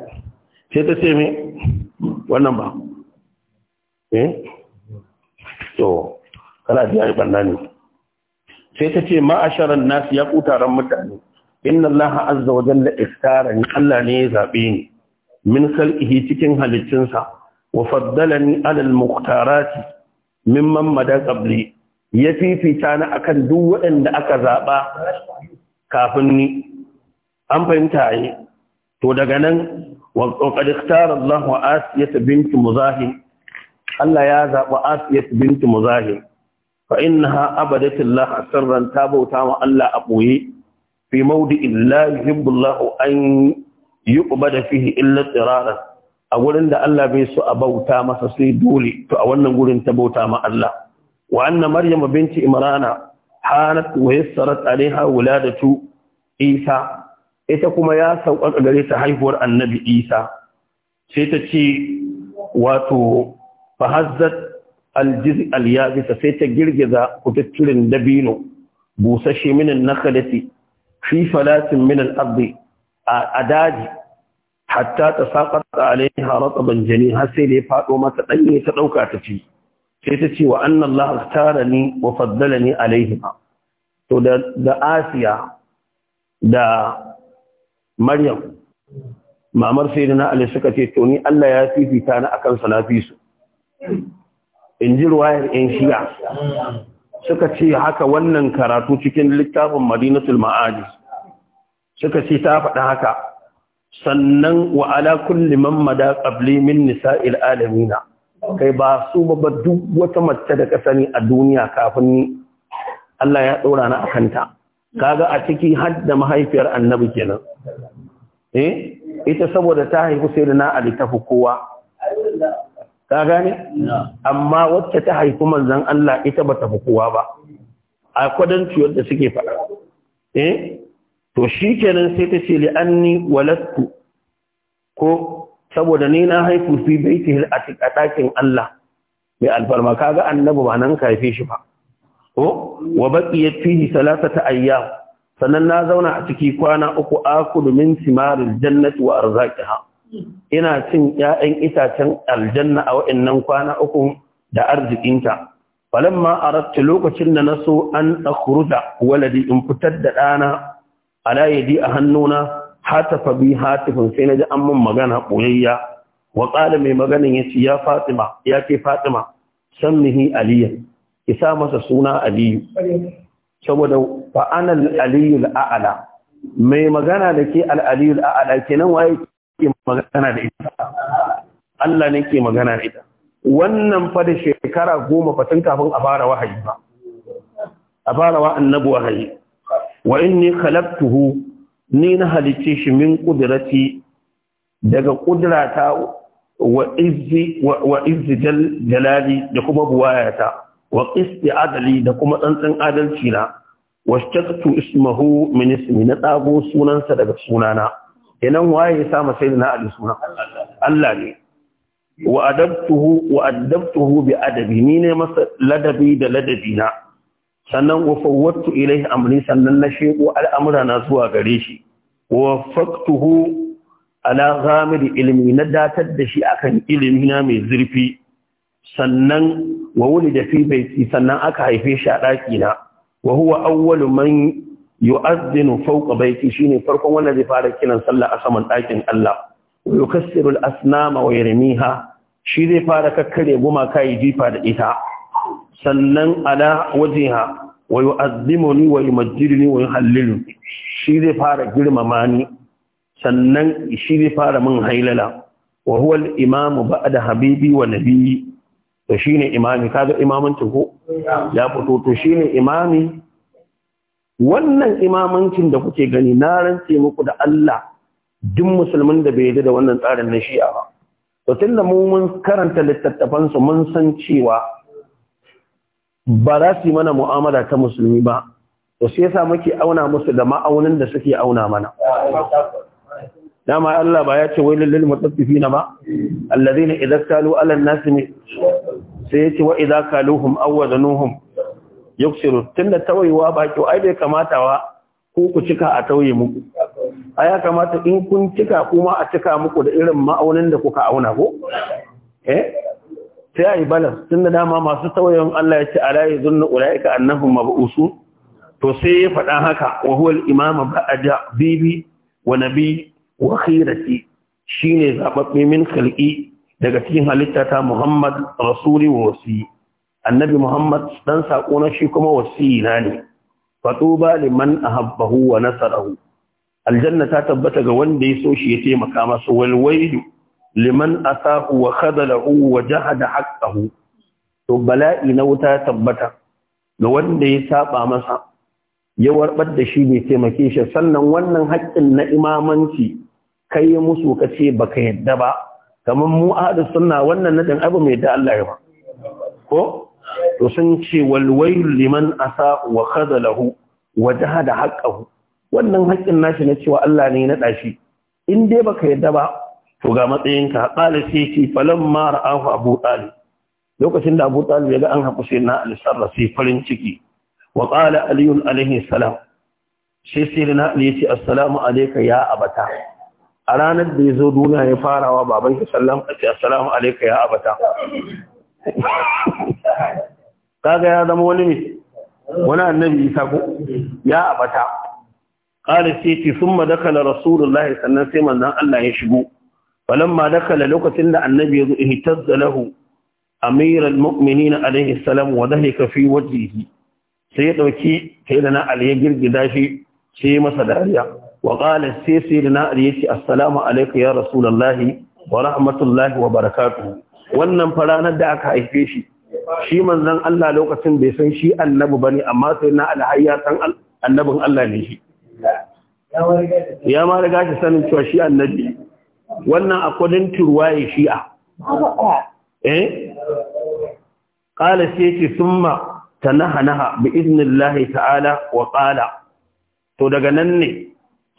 sai ta ce me wannan ba eh to kana ji a yi ne sai ta ce ma'asharan nasu ya kutaran mutane inna allaha azza wa jalla iftarani allah ne ya zaɓe ni min khalqihi cikin halittinsa. wa faddalani ala al-mukhtarati mimman mada qabli ya fifita ni akan duk waɗanda aka zaɓa? kafin ni an fahimta yi to daga nan wa qad ikhtara allah asiyata binti muzahim allah ya zaba asiyata binti muzahim fa innaha abadatullah asran ta bauta wa Allah a boye fi mawdi'in la yuhibbullahu an yuqbada fihi illar tsirara a wurin da Allah bai so a bauta masa sai dole to a wannan gurin ta bauta ma Allah wa anna maryama Binci, imrana hanat wa yassarat alaiha wuladatu isa ita kuma ya sauƙaƙa gare ta haihuwar annabi isa sai ta ce wato fahazzat al alyabisa sai ta girgiza kututturin dabino busashe minan nakalati, fi falatin minan al a daji hatta ta saƙaƙa alaiha ratsaban jani har sai da ya faɗo mata ɗanye ta ɗauka ta ci sai ta ce wa annan lahar tara ni wa faddala ni ba. to da asiya da maryam mamar sai da na ali suka ce to ni allah ya fifita na akan salafi su in ji ruwayar 'yan shiya suka ce haka wannan karatu cikin littafin madinatul ma'adis suka ce ta faɗi haka sannan wa ala kulli man mada qabli min nisa'il alamina kai ba su ba duk wata mace da ka a duniya kafin ni Allah ya ɗora na akanta kaga a ciki har da mahaifiyar annabi kenan eh ita saboda ta haifi sai da na ali tafi kowa ta gane amma wacce ta haifi manzan Allah ita bata fi kowa ba a kwadanci wadda suke faɗa eh to shi kenan sai ta ce li'anni anni walattu ko saboda ni na haifu fi baitihi a ɗakin Allah mai alfarma kaga annabi ba nan kaife shi ba ko wa baqiyat fihi ta ayyam sannan na zauna a ciki kwana uku akudu min simaril jannati wa arzaqiha ina cin ‘ya'yan itacen aljanna a wa'innan kwana uku da arzikinta, falamma a ratta lokacin da na so an ɗakuruta waladi in fitar da ɗana a layadi a hannuna hatafa bi hatifin sai na ji an mun magana ɓoyayya wa ƙala mai maganin ya ce ya fatima ya ke fatima san mihi aliyu ki sa masa suna aliyu saboda fa'anar aliyu al'a'ala mai magana da ke al'aliyu al'a'ala kenan waye magana da ita Allah ne ke magana da ita wannan fa da shekara goma tun kafin a fara wahayi ba a fara wa annabi wahayi wa inni khalaqtuhu ni na halicce shi min qudrati daga qudrata wa izzi wa izzi jalali da kuma buwayata wa qisti adali da kuma tsantsan adalci na shaqtu ismahu min ismi na tsago sunansa daga sunana Inan waye ya samu masai na ali suna Allah ne wa adabtuhu wa adabtuhu bi adabi ni ne masa ladabi da ladabi na sannan wa fawwatu ilayhi amri sannan na sheko al'amura na zuwa gare shi wa faqtuhu ala ghamidi ilmi na datar da shi akan ilmi na mai zurfi sannan wa wulida fi baiti sannan aka haife shi a daki na wa huwa awwalu man yu'azzinu fawqa baiti shine farkon wannan zai fara kiran sallah a saman ɗakin Allah wa yukassiru al-asnama wa yarmiha shi zai fara kakkare goma yi jifa da ita sannan ala wajiha wa yu'azzimuni wa yumajjiruni wa yuhalliluni shi zai fara girmama ni sannan shi zai fara min hailala wa huwa al-imamu ba'da habibi wa nabiyyi to shine imami kaga imamin ko ya fito to shine imami wannan imamancin da kuke gani na rantse muku da Allah duk musulmin da bai yarda da wannan tsarin na shi'a ba to tunda mu mun karanta littattafansu mun san cewa ba za su yi mana mu'amala ta musulmi ba to sai yasa muke auna musu da ma'aunin da suke auna mana dama Allah ba ya ce wai lil mutaffifina ba alladhina idza kalu Alan an-nas sai ya ce wa idza kaluhum aw yuksiru tunda tawayewa ba kyau ai bai kamata wa ko ku cika a tawaye muku a ya kamata in kun cika kuma a cika muku da irin ma'aunin da kuka auna ko eh sai ai yi tunda dama masu tawayen Allah ya ce ala zunnu ulaika annahum mabusu to sai ya faɗa haka wa huwal imam ba'da bibi wa nabi wa khirati shine zababbe min khalqi daga cikin halittata Muhammad rasuli wa wasi annabi muhammad dan sako na shi kuma wasiyina ne fatuba liman ahabbahu wa nasarahu aljanna ta tabbata ga wanda ya so shi ya taimaka masa walwailu liman asahu wa khadalahu wa jahada haqqahu to bala'i na wuta tabbata ga wanda ya saba masa ya warbar da shi bai taimake shi sannan wannan haƙƙin na imamanci kai musu ka ce baka yadda ba kamar mu ahlus sunna wannan nadin abu mai da Allah ya ba ko to sun ce walwai liman asa wa khadalahu wa jahada haqqahu wannan haƙƙin nashi na cewa Allah ne na dashi in dai baka yadda ba to ga matsayinka qala sai falam ma ra'ahu abu talib lokacin da abu talib ya ga an haƙu sai na alisarra sai farin ciki wa qala ali alaihi salam sai sai na ali ya ce assalamu alaika ya abata a ranar da ya zo duniya ya farawa baban shi sallam a ce assalamu alaika ya abata kaga ya zama wani ne wani annabi isa ko ya abata qala sai ce summa dakala rasulullahi sannan sai manzan Allah ya shigo ma dakala lokacin da annabi ya zo ihtazza lahu amiral mu'minin alaihi salam wa dhalika fi wajhihi sai ya dauki kaidana ali girgida shi sai masa dariya wa qala sai sayyidina ali yace assalamu alayka ya rasulullahi wa rahmatullahi wa barakatuhu wannan faranar da aka haife shi shi manzon Allah lokacin bai san shi annabi bane amma sai na alhayya san annabin Allah ne shi ya ma riga shi sanin cewa shi annabi wannan akwalin turwaye shi'a eh qala sai ce tanaha naha, bi iznillahi ta'ala wa qala to daga nan ne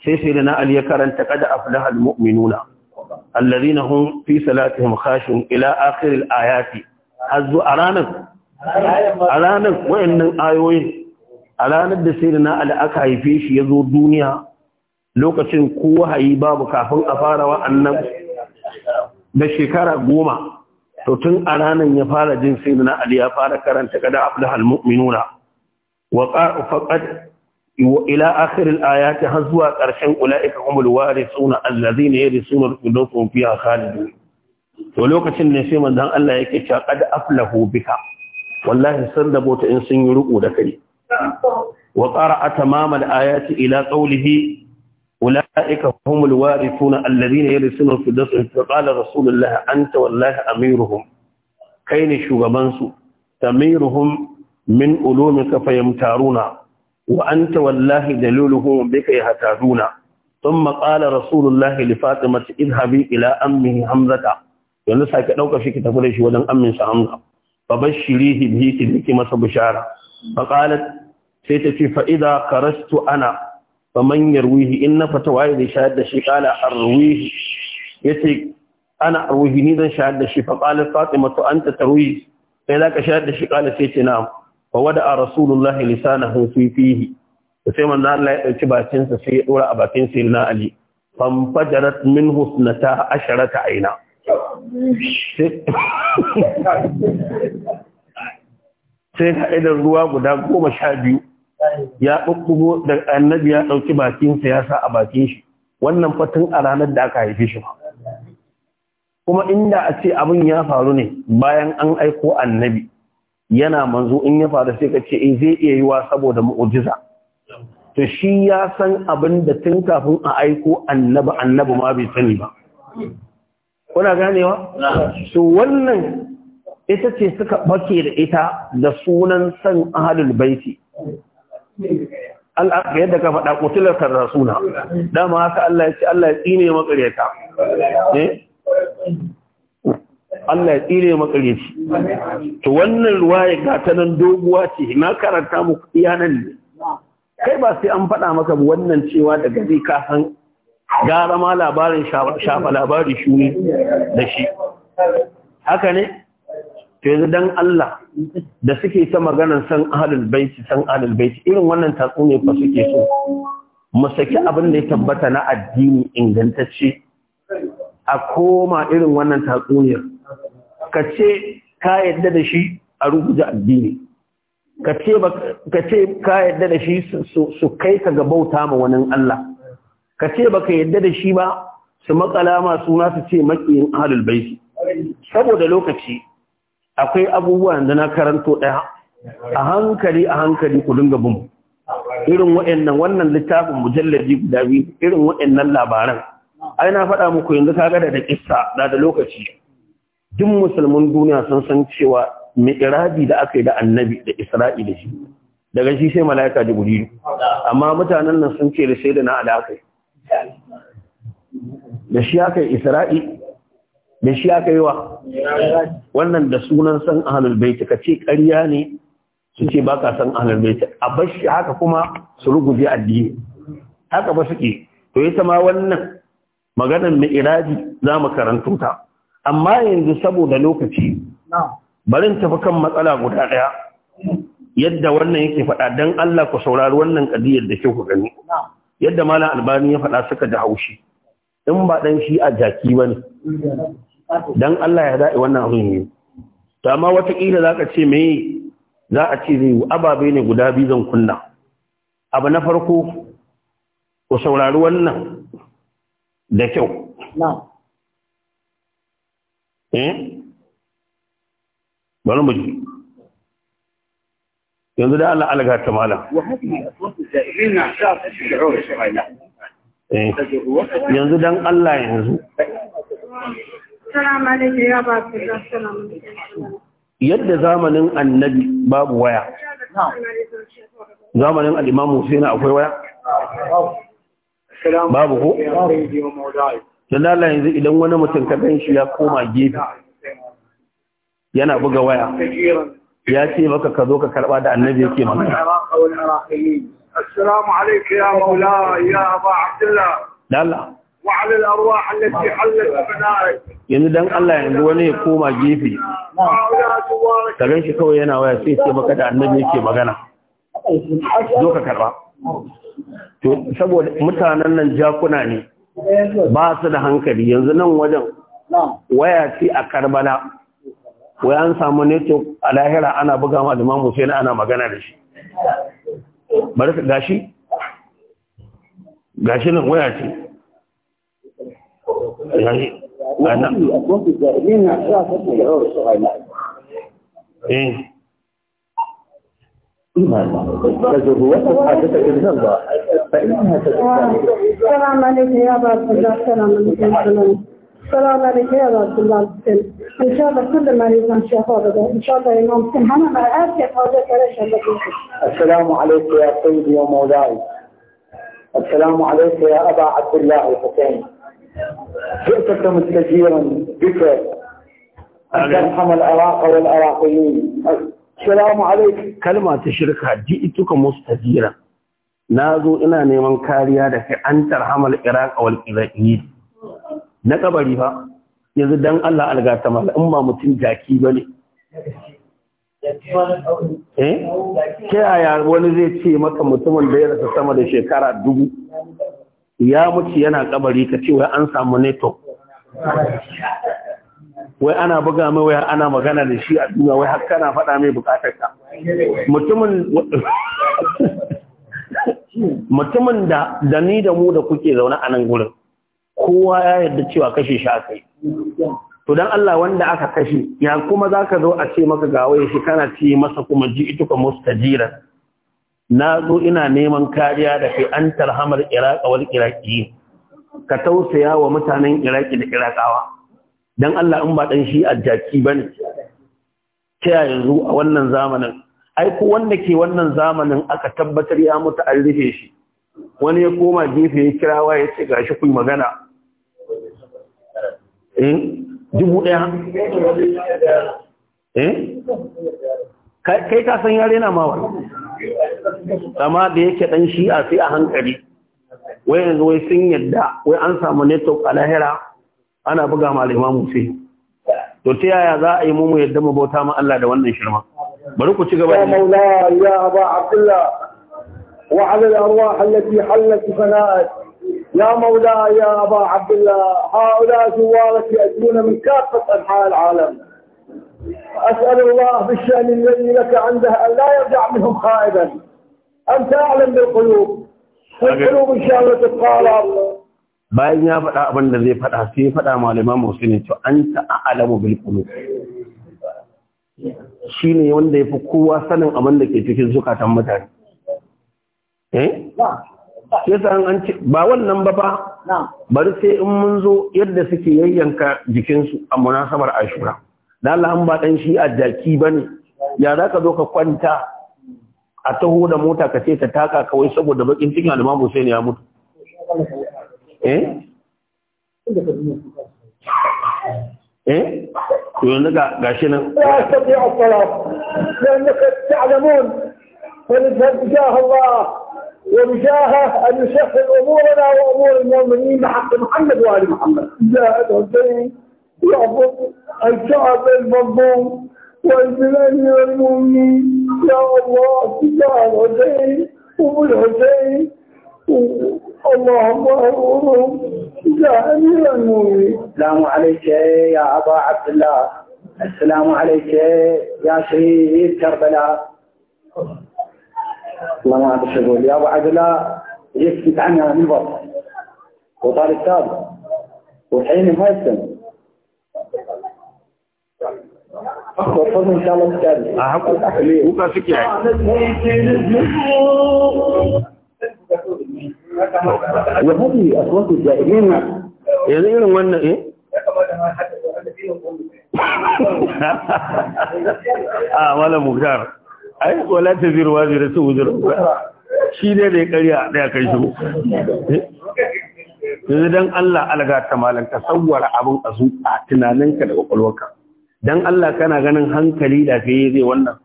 sai sai na ali ya karanta kada aflaha mu'minuna alladhina hum fi salatihim khashun ila akhir al-ayati hazu aranan wayannan ayoyin a ranar da sai na aka haife shi ya zo duniya lokacin ko wahayi babu kafin a fara wa'annan da shekara goma to tun a ranar ya fara jin sai na ali ya fara karanta kada abdul mu'minuna wa qad ila akhiril ayati har zuwa ƙarshen ula'ika humul warithuna allazina yarithuna al-qudus fiha khalidun to lokacin ne sai manzon Allah yake cewa qad aflahu bika wallahi sun da bota in sun yi ruku da kai wa qara'a tamamal ayati ila qawlihi ula'ika humul warithuna allazina yarithuna al-qudus fa qala rasulullah anta wallahi amiruhum kai ne shugaban su tamiruhum min ulumika fayamtaruna وأنت والله دلولهم بك يهتادون ثم قال رسول الله لفاطمة اذهبي إلى أمه حمزة yanzu sake ɗauka shi ki tafi da shi wajen aminsa hamza ba bashiri shi bi ki miki masa bishara ba ƙala sai ta ce fa’ida karastu ana ba manyan ruhi in na fata waye zai shayar da shi ƙala an ruhi ya ce ana ruhi ni zan shayar da shi fa fatima to an ta sai za ka shayar da shi ƙala sai ce na fa a rasulullah lisanahu fi fihi sai manzo Allah ya dauki bakin sa sai ya dora a bakin sa na ali fam fajarat minhu 12 aina sai ka idan ruwa guda goma sha biyu ya bubbugo da annabi ya dauki bakin sa ya sa a bakin shi wannan fatan a ranar da aka haife shi kuma inda a ce abin ya faru ne bayan an aiko annabi yana manzo in ya faru sai ka ce eh zai iya yiwa saboda mu'jiza to shi ya san abin da tun kafin a aiko annabi annabi ma bai sani ba kuna ganewa so wannan ita ce suka bake da ita da sunan san ahlul baiti Allah yadda ka faɗa kutular kan rasuna dama haka Allah ya ce Allah ya tsine makaryata eh Allah ya tsire makaryaci to wannan ruwaya ga ta nan doguwa ce na karanta muku iya ne kai ba sai an faɗa maka wannan cewa daga zai ka san gara ma labarin shafa labari shuni da shi haka ne to yanzu dan Allah da suke ta maganar san ahlul baiti san ahlul baiti irin wannan ne fa suke so mu saki abin da ya tabbata na addini ingantacce a koma irin wannan tatsuniyar ka ce ka yadda da shi a rubuta addini ka ce ka yadda da shi su kai ka ga bauta ma wani Allah ka ce baka yadda da shi ba su matsala ma suna ce makiyin bai baiti saboda lokaci akwai abubuwan da na karanto ɗaya a hankali a hankali ku dinga bin irin waɗannan wannan littafin mujallabi guda biyu irin waannan labaran ai na faɗa muku yanzu kaga da da kissa da da lokaci duk musulmin duniya sun san cewa mi'rabi da aka yi da annabi da isra'i da shi daga shi sai mala'ika guri amma mutanen nan sun ce da sai da na alaƙa da shi aka yi isra'i da shi aka yi wa wannan da sunan san ahalul bai ka ce ƙarya ne su ce ba ka san bai bait a bar shi haka kuma su ruguje addini haka ba suke to ita ma wannan maganar mi'raji za mu karanto ta amma yanzu saboda lokaci barin tafi kan matsala guda ɗaya yadda wannan yake faɗa don Allah ku saurari wannan ƙadiyar da ke ku gani yadda malam albani ya faɗa suka da haushi in ba ɗan shi a jaki ba ne don Allah ya za'i wannan abin ne ta ma watakila za ka ce mai za a ce zai ababe ne guda biyu zan kunna abu na farko ku saurari wannan da kyau Eh? bari mu ji yanzu da Allah alga ta malam eh. yanzu dan Allah yanzu yadda zamanin annabi babu waya zamanin al'imamu sai na akwai waya babu ko To Allah yanzu idan wani mutum ka ganshi ya koma gefe yana buga waya ya ce maka ka zo ka karba da annabi yake magana assalamu alayka ya maula ya aba abdullah dalla wa ala al-arwah allati halat banaik yanzu dan Allah yanzu wani ya koma gefe ka ganshi kawai yana waya sai ce maka da annabi yake magana zo ka karba to saboda mutanen nan jakuna ne ba su da hankali yanzu nan wajen waya ce a karbala wai an samu network a lahira ana buga ma da mamu sai ana magana da shi bari gashi gashi nan waya ce السلام عليكم يا عبد الله السلام عليكم السلام عليكم يا عبد الله إن شاء الله كل ما يزن شاء هذا إن شاء الله إمام أنا ما أعرف حاجتك السلام عليك يا سيدي ومولاي السلام عليك يا أبا عبد الله الحسين جئتك مستجيرا بك أن ترحم العراق والعراقيين salamu alaikum kalma ta shirka musu tazira Na zo ina neman kariya da kai an tarhamal iraq wal iraqi na kabari ba, yanzu dan Allah algata mal in ba mutum jaki ba ne. eh yaya wani zai ce maka mutumin da ya rasa sama da shekara dubu ya mutu yana kabari ka ce wai an samu network wai ana buga mai Wai ana magana da shi a duniya wai har kana faɗa mai bukatar ka mutumin da da ni da mu da kuke zaune a nan gurin kowa ya yarda cewa kashe shi akai to dan Allah wanda aka kashe ya kuma zaka zo a ce maka ga waye shi kana ci masa kuma ji ituka mustajira na zo ina neman kariya da kai an tarhamar iraq wal iraqi ka tausaya wa mutanen iraki da irakawa dan Allah in ba dan shi aljaki bane ta yanzu a wannan zamanin ai ko wanda ke wannan zamanin aka tabbatar ya mutu an rufe shi wani ya koma gefe ya kirawa ya ce gashi ku magana eh dubu ɗaya? eh kai ka san yare na ma wani amma da yake dan a sai a hankali wai yanzu wai sun yadda wai an samu network a lahira ana buga ma al-imamu sai to ta yaya za a yi mu yadda mu bauta ma Allah da wannan shirma bari ku ci gaba da maula ya aba abdullah wa ala al-arwah allati halat fana'at يا مولاي يا أبا عبد الله هؤلاء زوارك يأتون من كافة أنحاء العالم أسأل الله بالشأن الذي لك عنده أن لا يرجع منهم خائبا أنت أعلم بالقلوب والقلوب إن شاء الله الله bayan ya faɗa abin da zai faɗa sai ya faɗa malama ne to an ta alamu Bilkulu, shi ne wanda ya fi kowa sanin abin da ke cikin zukatan mutane eh yasa an ce ba wannan ba ba, bari sai in mun zo yadda suke yayyanka jikinsu a munasabar ashura da Allah ba ɗan shi a jaki bane ya za ka zo ka kwanta a taho da mota ka ce ta taka kawai saboda bakin cikin alimamu sai ya mutu إيه؟ ايه يقولنا قاشنا لا استطيع الطلب لانك تعلمون فنذهب بجاه الله وبجاهه ان يسهل امورنا وامور المؤمنين بحق محمد وال محمد جاء الحسين يعبد الشعب المظلوم والبلاد والمؤمنين يا الله تجاه الحسين وابو الحسين اللهم انصرهم يا امير المؤمنين السلام عليك يا ابا عبد الله السلام عليك يا شهيد كربلاء الله ما اعرف اقول يا ابو عبد الله يسكت عنها من بطن وطالب سابق وحين مهزم اخبر ان شاء الله تتابع احبك وكاسك يعني آه، ya faɗi a suwatu jahilin na yanzu irin wannan eh a wala ah, mukhtar ai wala ta zira wazi da su shi ne da ya karya da ya kai shigo eh? yanzu don Allah alga ta malam ka sawwara abin a su a tunaninka da kwakwalwarka don Allah kana ganin hankali da fiye zai wannan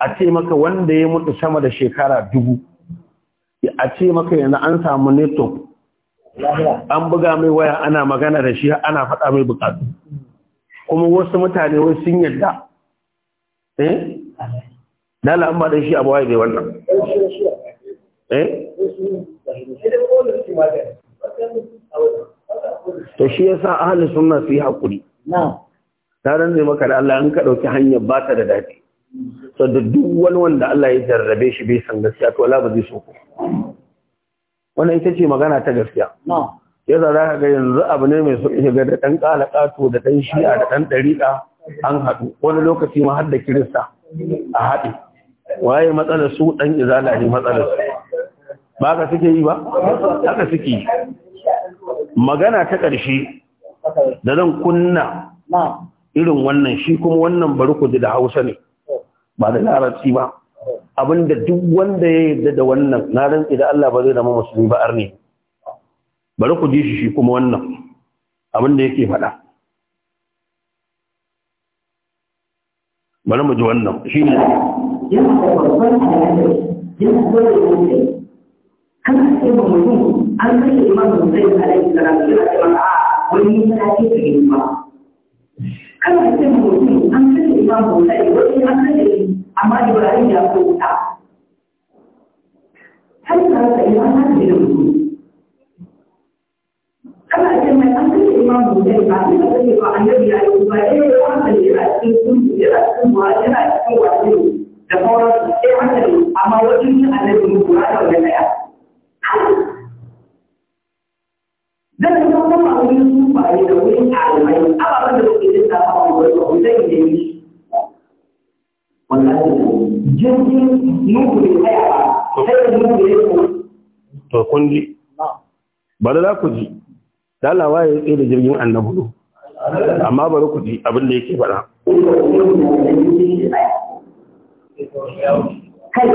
a ce maka wanda ya mutu sama da shekara dubu a ce maka yanzu an samu network an buga mai waya ana magana da shi ana faɗa mai bukatu kuma wasu mutane wasu sun yadda eh dala an ba da shi abu waye bai wannan eh to shi yasa ahli sunna su yi hakuri na ta zai maka da Allah an ka dauki hanyar ba ta da dadi so da duk wani wanda Allah ya jarrabe shi bai san gaskiya to Allah ba zai so ku wannan ita ce magana ta gaskiya yasa za ka ga yanzu abu ne mai sauƙi ga da ɗan ƙalaƙato da ɗan shi'a da ɗan ɗariƙa an haɗu wani lokaci ma har da kirista a haɗe waye matsalar su ɗan izala ne matsalar su ba ka suke yi ba haka suke yi magana ta ƙarshe da zan kunna irin wannan shi kuma wannan bari ku da hausa ne ba da larabci ba abinda duk wanda ya yarda da wannan na rantsi da Allah ba zai zama musulmi ba arne bari ku ji shi shi kuma wannan abinda yake faɗa bari mu ji wannan shi ne kan ce mutum an kashe imam musayi zai salam yana da mana a wani yana ce ta ba kana cin mutum an kashe ma sosai wani an kashe amma da wurare ya ko wuta har yi rasa ina ma ce da mutum kana cin mai an kashe ma sosai ba ni da kashe ba yi ya yi ba eh an kashe a cikin yi yana cikin ba yana cikin wace da sauransu sai an kashe amma wajen yi annabi mu kura da wani daya zan yi kuma a da alamai da a wurin da zai yi shi wallahi jirgin ne tsaya ba sai da nuku ne ko to kun ji za ku ji dalawa ya tsaye da jirgin annabu amma bari ku ji abin da yake faɗa kai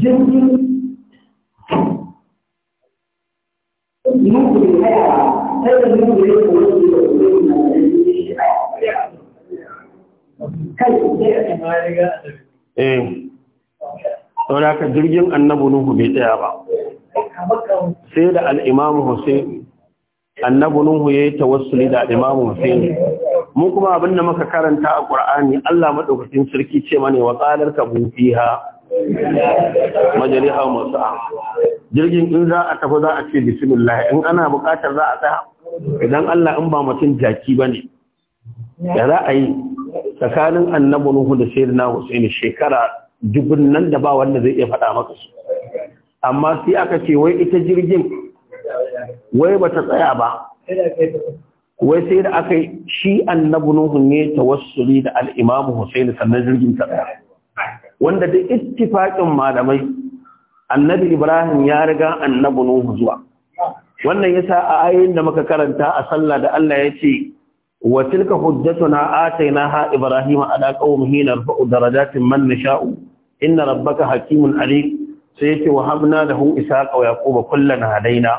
jirgin ممكن eh. الحياة haka ka jirgin annabu Nuhu bai tsaya ba. Sai da al'imamu Hussein, annabu Nuhu ya yi tawassuli da al'imamu Hussein. Mun kuma abin da muka karanta a Ƙur'ani, Allah maɗaukacin sarki ce mane wa tsadar ka bufi ha, majaliha masu jirgin in za a tafi za a ce bismillah in ana bukatar za a tsaya idan Allah in ba mutum jaki bane ne da za a yi tsakanin annabi Nuhu da Sayyidina Husaini shekara dubun nan da ba wanda zai iya faɗa maka su amma sai aka ce wai ita jirgin wai bata tsaya ba wai sai da aka yi shi annabi Nuhu ne tawassuli da al-Imam Husaini sannan jirgin ta tsaya wanda da ittifaqin malamai annabi ibrahim ya riga annabi nuhu zuwa wannan yasa a ayin da muka karanta a sallah da Allah ya ce wa tilka hujjatuna ha ibrahim ala qaumihi narfa'u darajatin man nasha'u inna rabbaka hakimun alim sai yace wa habna lahu isaqa wa yaquba kullan hadaina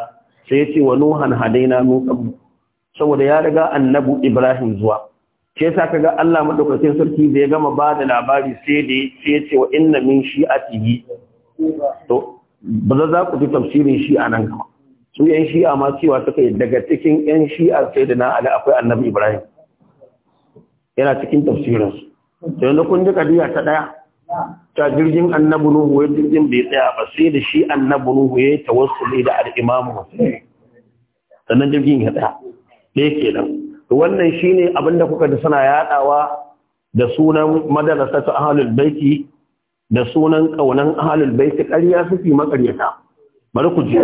sai yace wa nuhan hadaina min saboda ya riga annabi ibrahim zuwa ke sa kaga Allah madaukakin sarki da ya gama ba da labari sai da sai yace wa inna min shi'atihi to ba za ku ji tafsirin shi a nan su yan shi'a ma cewa suka yi daga cikin yan a sai da na ala akwai annabi ibrahim yana cikin tafsirinsu sai yanzu kun ji kadiya ta daya ta jirgin annabi nuhu ya jirgin bai tsaya ba sai da shi annabi nuhu ya yi tawassuli da al'imamu sannan jirgin ya tsaya ɗaya nan. to wannan shine abin da kuka da suna yadawa da sunan madarasa ta ahalul baiti da sunan kaunan ahlul bait ƙarya suke makaryata bari ku ji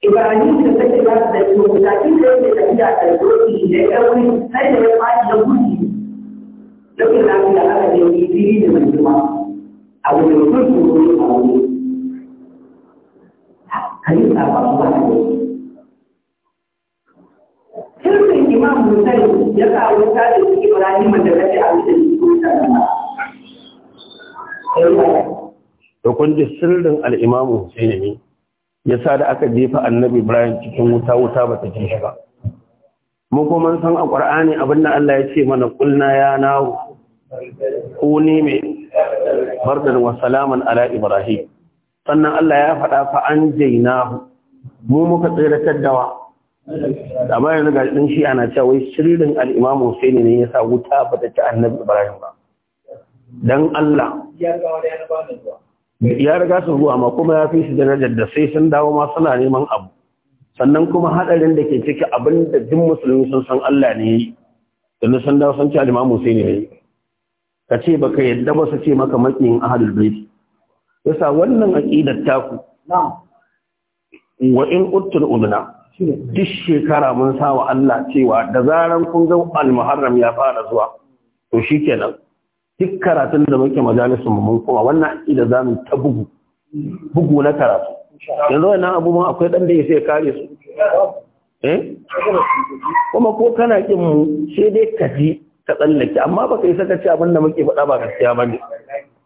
Ibrahim da take ba da su da kin da yake tafiya da doki da yawai sai da ya faɗi da gudu. Lokacin da aka da aka je yi fili da mai a wurin kurkuku ne a wurin. hadisi a da Sirrin Imam Ibrahim da a Da kun ji sirrin al'imamu Hussein ne, ya sa da aka jefa annabi Ibrahim cikin wuta wuta ba ta ji shi ba. Mu kuma san a Ƙur'ani abin da Allah ya ce mana kulna ya nawo, ku ne mai bardar wa salaman ala Ibrahim. sannan Allah ya faɗa fa an jaina mu muka tsiratar da wa amma yanzu ga ɗin shi ana cewa wai sirrin al'imamu Hussein ne ya sa wuta ba ta ci annabi Ibrahim ba dan Allah ya riga su zuwa ma kuma ya fi su darajar da sai sun dawo ma suna neman abu sannan kuma hadarin da ke ciki abin da duk musulmi sun san Allah ne yi sannan sun dawo sun ci al'imamu Hussein ne yi ka ce baka yadda ba su ce maka makin ahlul baiti yasa wannan aqidar taku wa in uttul udna duk shekara mun sa wa Allah cewa da zaran kun ga al-muharram ya fara zuwa to shikenan duk karatun da muke majalisun mun kuma wannan aqida zamu ta bugu bugu na karatu yanzu wannan abubuwan akwai dan da yake kare su eh kuma ko kana kin mu sai dai ka ji ka tsallake amma baka yi sakaci abin da muke faɗa ba gaskiya bane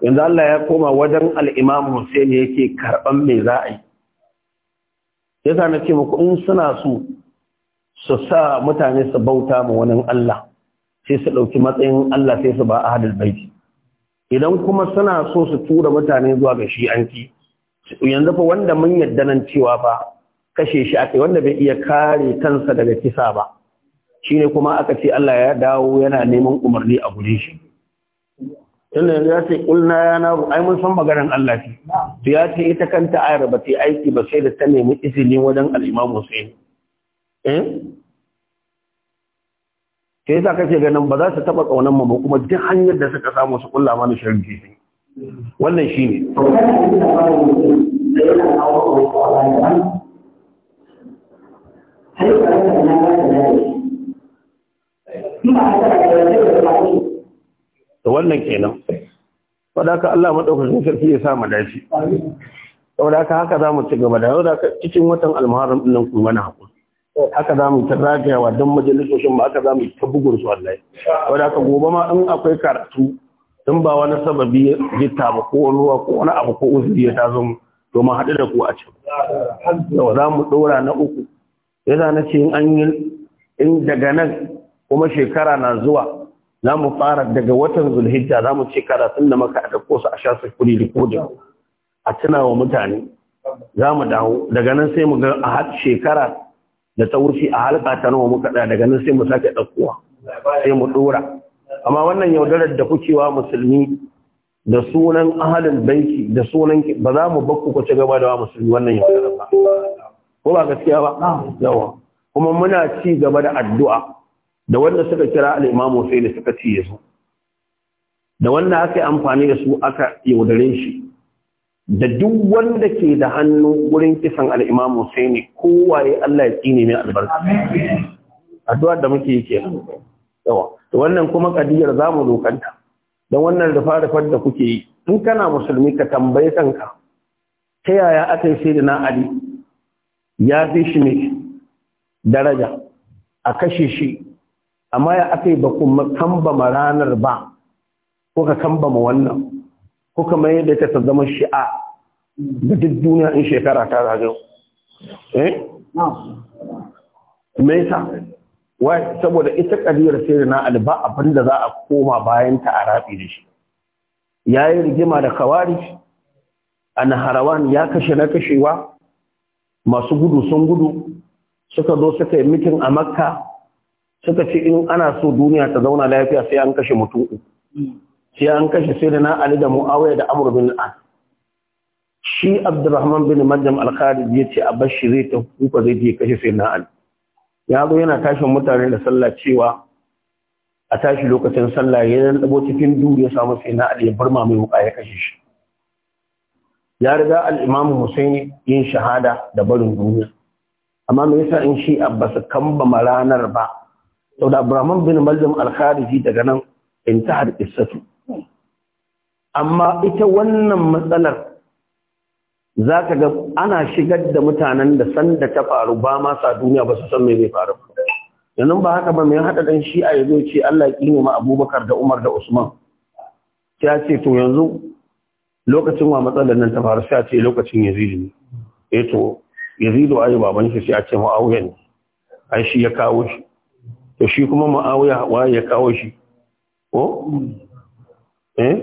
yanzu Allah ya koma wajen al'imam Hussein yake karɓan mai za a yi ya sa na ce muku in suna su su sa mutane su bauta ma wani Allah sai su ɗauki matsayin Allah sai su ba a hadar baiti idan kuma suna so su tura mutane zuwa ga shi'anci yanzu fa wanda mun yadda nan cewa ba kashe shi aka wanda bai iya kare kansa daga kisa ba shine kuma aka ce Allah ya dawo yana neman umarni a gure shi tunda yanzu ya ce kulna ya na ai mun san maganar Allah ce to ya ce ita kanta ayar ba ta aiki ba sai da ta nemi izini wajen al Hussein eh ke yasa kake ganin ba za su taba kaunan mu ba kuma duk hanyar da suka samu su kulla mana sharri sai wannan shine Thank you. Da wannan kenan saboda ka Allah madaukakin sarki ya sa mu dace saboda haka haka zamu ci gaba da saboda cikin watan almuharram din nan ku mana hakuri haka zamu ta dan majalisoshin mu haka zamu ta bugun su wallahi saboda ka gobe ma in akwai karatu in ba wani sababi jitta ba ko ruwa ko wani abu ko uzuri ya tazo mu to mu haɗu da ku a can yau za mu ɗora na uku yasa na ce in an yi in daga nan kuma shekara na zuwa za mu fara daga watan zulhijja za mu ce karatun da maka a ɗauko su a sha sukuri kuri a tuna wa mutane za mu dawo daga nan sai mu ga a har shekara da ta wuce a halka ta nawa muka daga nan sai mu sake ɗaukowa sai mu ɗora amma wannan yaudarar da kuke wa musulmi da sunan ahalin banki da sunan ba za mu bakku ku ci gaba da wa musulmi wannan yaudarar ba ko ba gaskiya ba yawa kuma muna ci gaba da addu'a da wanda suka kira alimam sai da suka ciye su da wanda aka yi amfani da su aka yaudare shi da duk wanda ke da hannu wurin kisan al'imamu sai ne kowaye Allah ya ne mai albarka addu'a da muke yi kenan yawa to wannan kuma kadiyar zamu dokanta dan wannan da fara da kuke yi in kana musulmi ka tambaye kanka ta yaya aka yi sai da na ali ya fi shi ne daraja a kashe shi amma ya aka yi ba kuma kambama ranar ba ko ka kambama wannan ko ka mai da ta zama shi'a da duk duniya in shekara ta zagayo eh me yasa wai saboda ita kariyar sai na alba abinda za a koma bayan ta a rabi da shi yayi rigima da kawari an harawan ya kashe na kashewa masu gudu sun gudu suka zo suka yi mitin a makka suka ce in ana so duniya ta zauna lafiya sai an kashe mutum sai an kashe sai da na ali da mu'awiya da amur bin al shi abdurrahman bin manjam al ya ce a bashi zai ta kuka zai je kashe sai na ali ya zo yana tashin mutane da sallah cewa a tashi lokacin sallah ya ɗabo cikin duri ya samu sai na ali ya bar mai wuka ya kashe shi ya riga al'imamu imamu yin shahada da barin duniya amma me yasa in shi abbas kan ba ranar ba sau da abraman bin maljam alkhariji daga nan intahar isatu amma ita wannan matsalar za ka ga ana shigar da mutanen da sanda ta faru ba ma sa duniya ba su san me zai faru yanzu ba haka ba mai haɗa ɗan shi'a ya zo ce Allah ya ƙine ma abubakar da umar da usman ya ce to yanzu lokacin wa matsalar nan ta faru sai a ce lokacin yazidu ne eh to yazidu ai baban shi sai a ce mu ne ai shi ya kawo shi to shi kuma ma'awuya waye ya kawo shi ko eh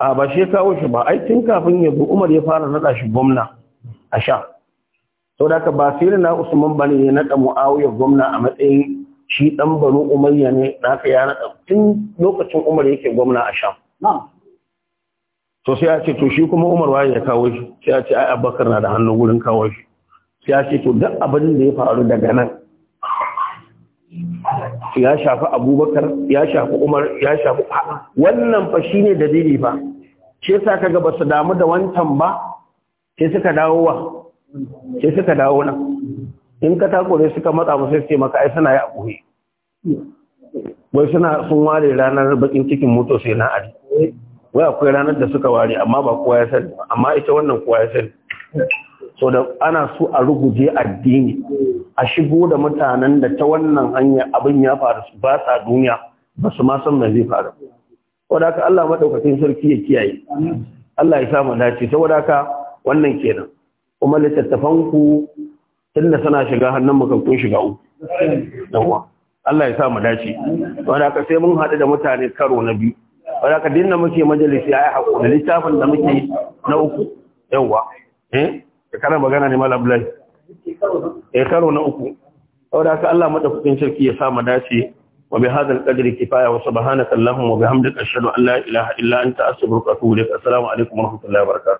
a ba shi ya kawo shi ba ai tun kafin ya bu Umar ya fara nada shi gwamna a sha to da ka ba sai na Usman bane ya nada Muawiya gwamna a matsayin shi dan Banu Umayya ne da ka ya nada tun lokacin Umar yake gwamna a sha to sai ya ce to shi kuma Umar waye ya kawo shi sai ya ce ai Abubakar na da hannun gurin kawo shi sai ya ce to duk abin da ya faru daga nan ya shafi abubakar ya shafi umar ya shafi wannan fa shi ne dalili ba shi sa ba su damu da wancan ba sai suka dawo wa sai suka dawo nan in ka takure suka matsa musu sai maka ai suna ya abuhe wai suna sun ware ranar bakin cikin moto sai na ari wai akwai ranar da suka ware amma ba kowa ya sani amma ita wannan kowa ya sani so da ana so a ruguje addini a shigo da mutanen da ta wannan hanya abin ya faru su ba sa duniya ba su ma san mai zai faru saboda haka Allah madaukakin sarki ya kiyaye Allah ya samu dace saboda ka wannan kenan kuma littattafan ku tunda suna shiga hannun makautun shiga uku yawa Allah ya samu dace saboda haka sai mun haɗu da mutane karo na biyu saboda haka dinna muke majalisi ai hakuri littafin da muke na uku yawa eh da kana magana ne mal abdullahi eh karo na uku da haka Allah madaukakin sarki ya sa ma dace wa bi hadal qadri kifaya wa subhanaka allahumma wa bihamdika ashhadu an la ilaha illa anta astaghfiruka wa atubu ilaik assalamu alaikum wa rahmatullahi wa barakatuh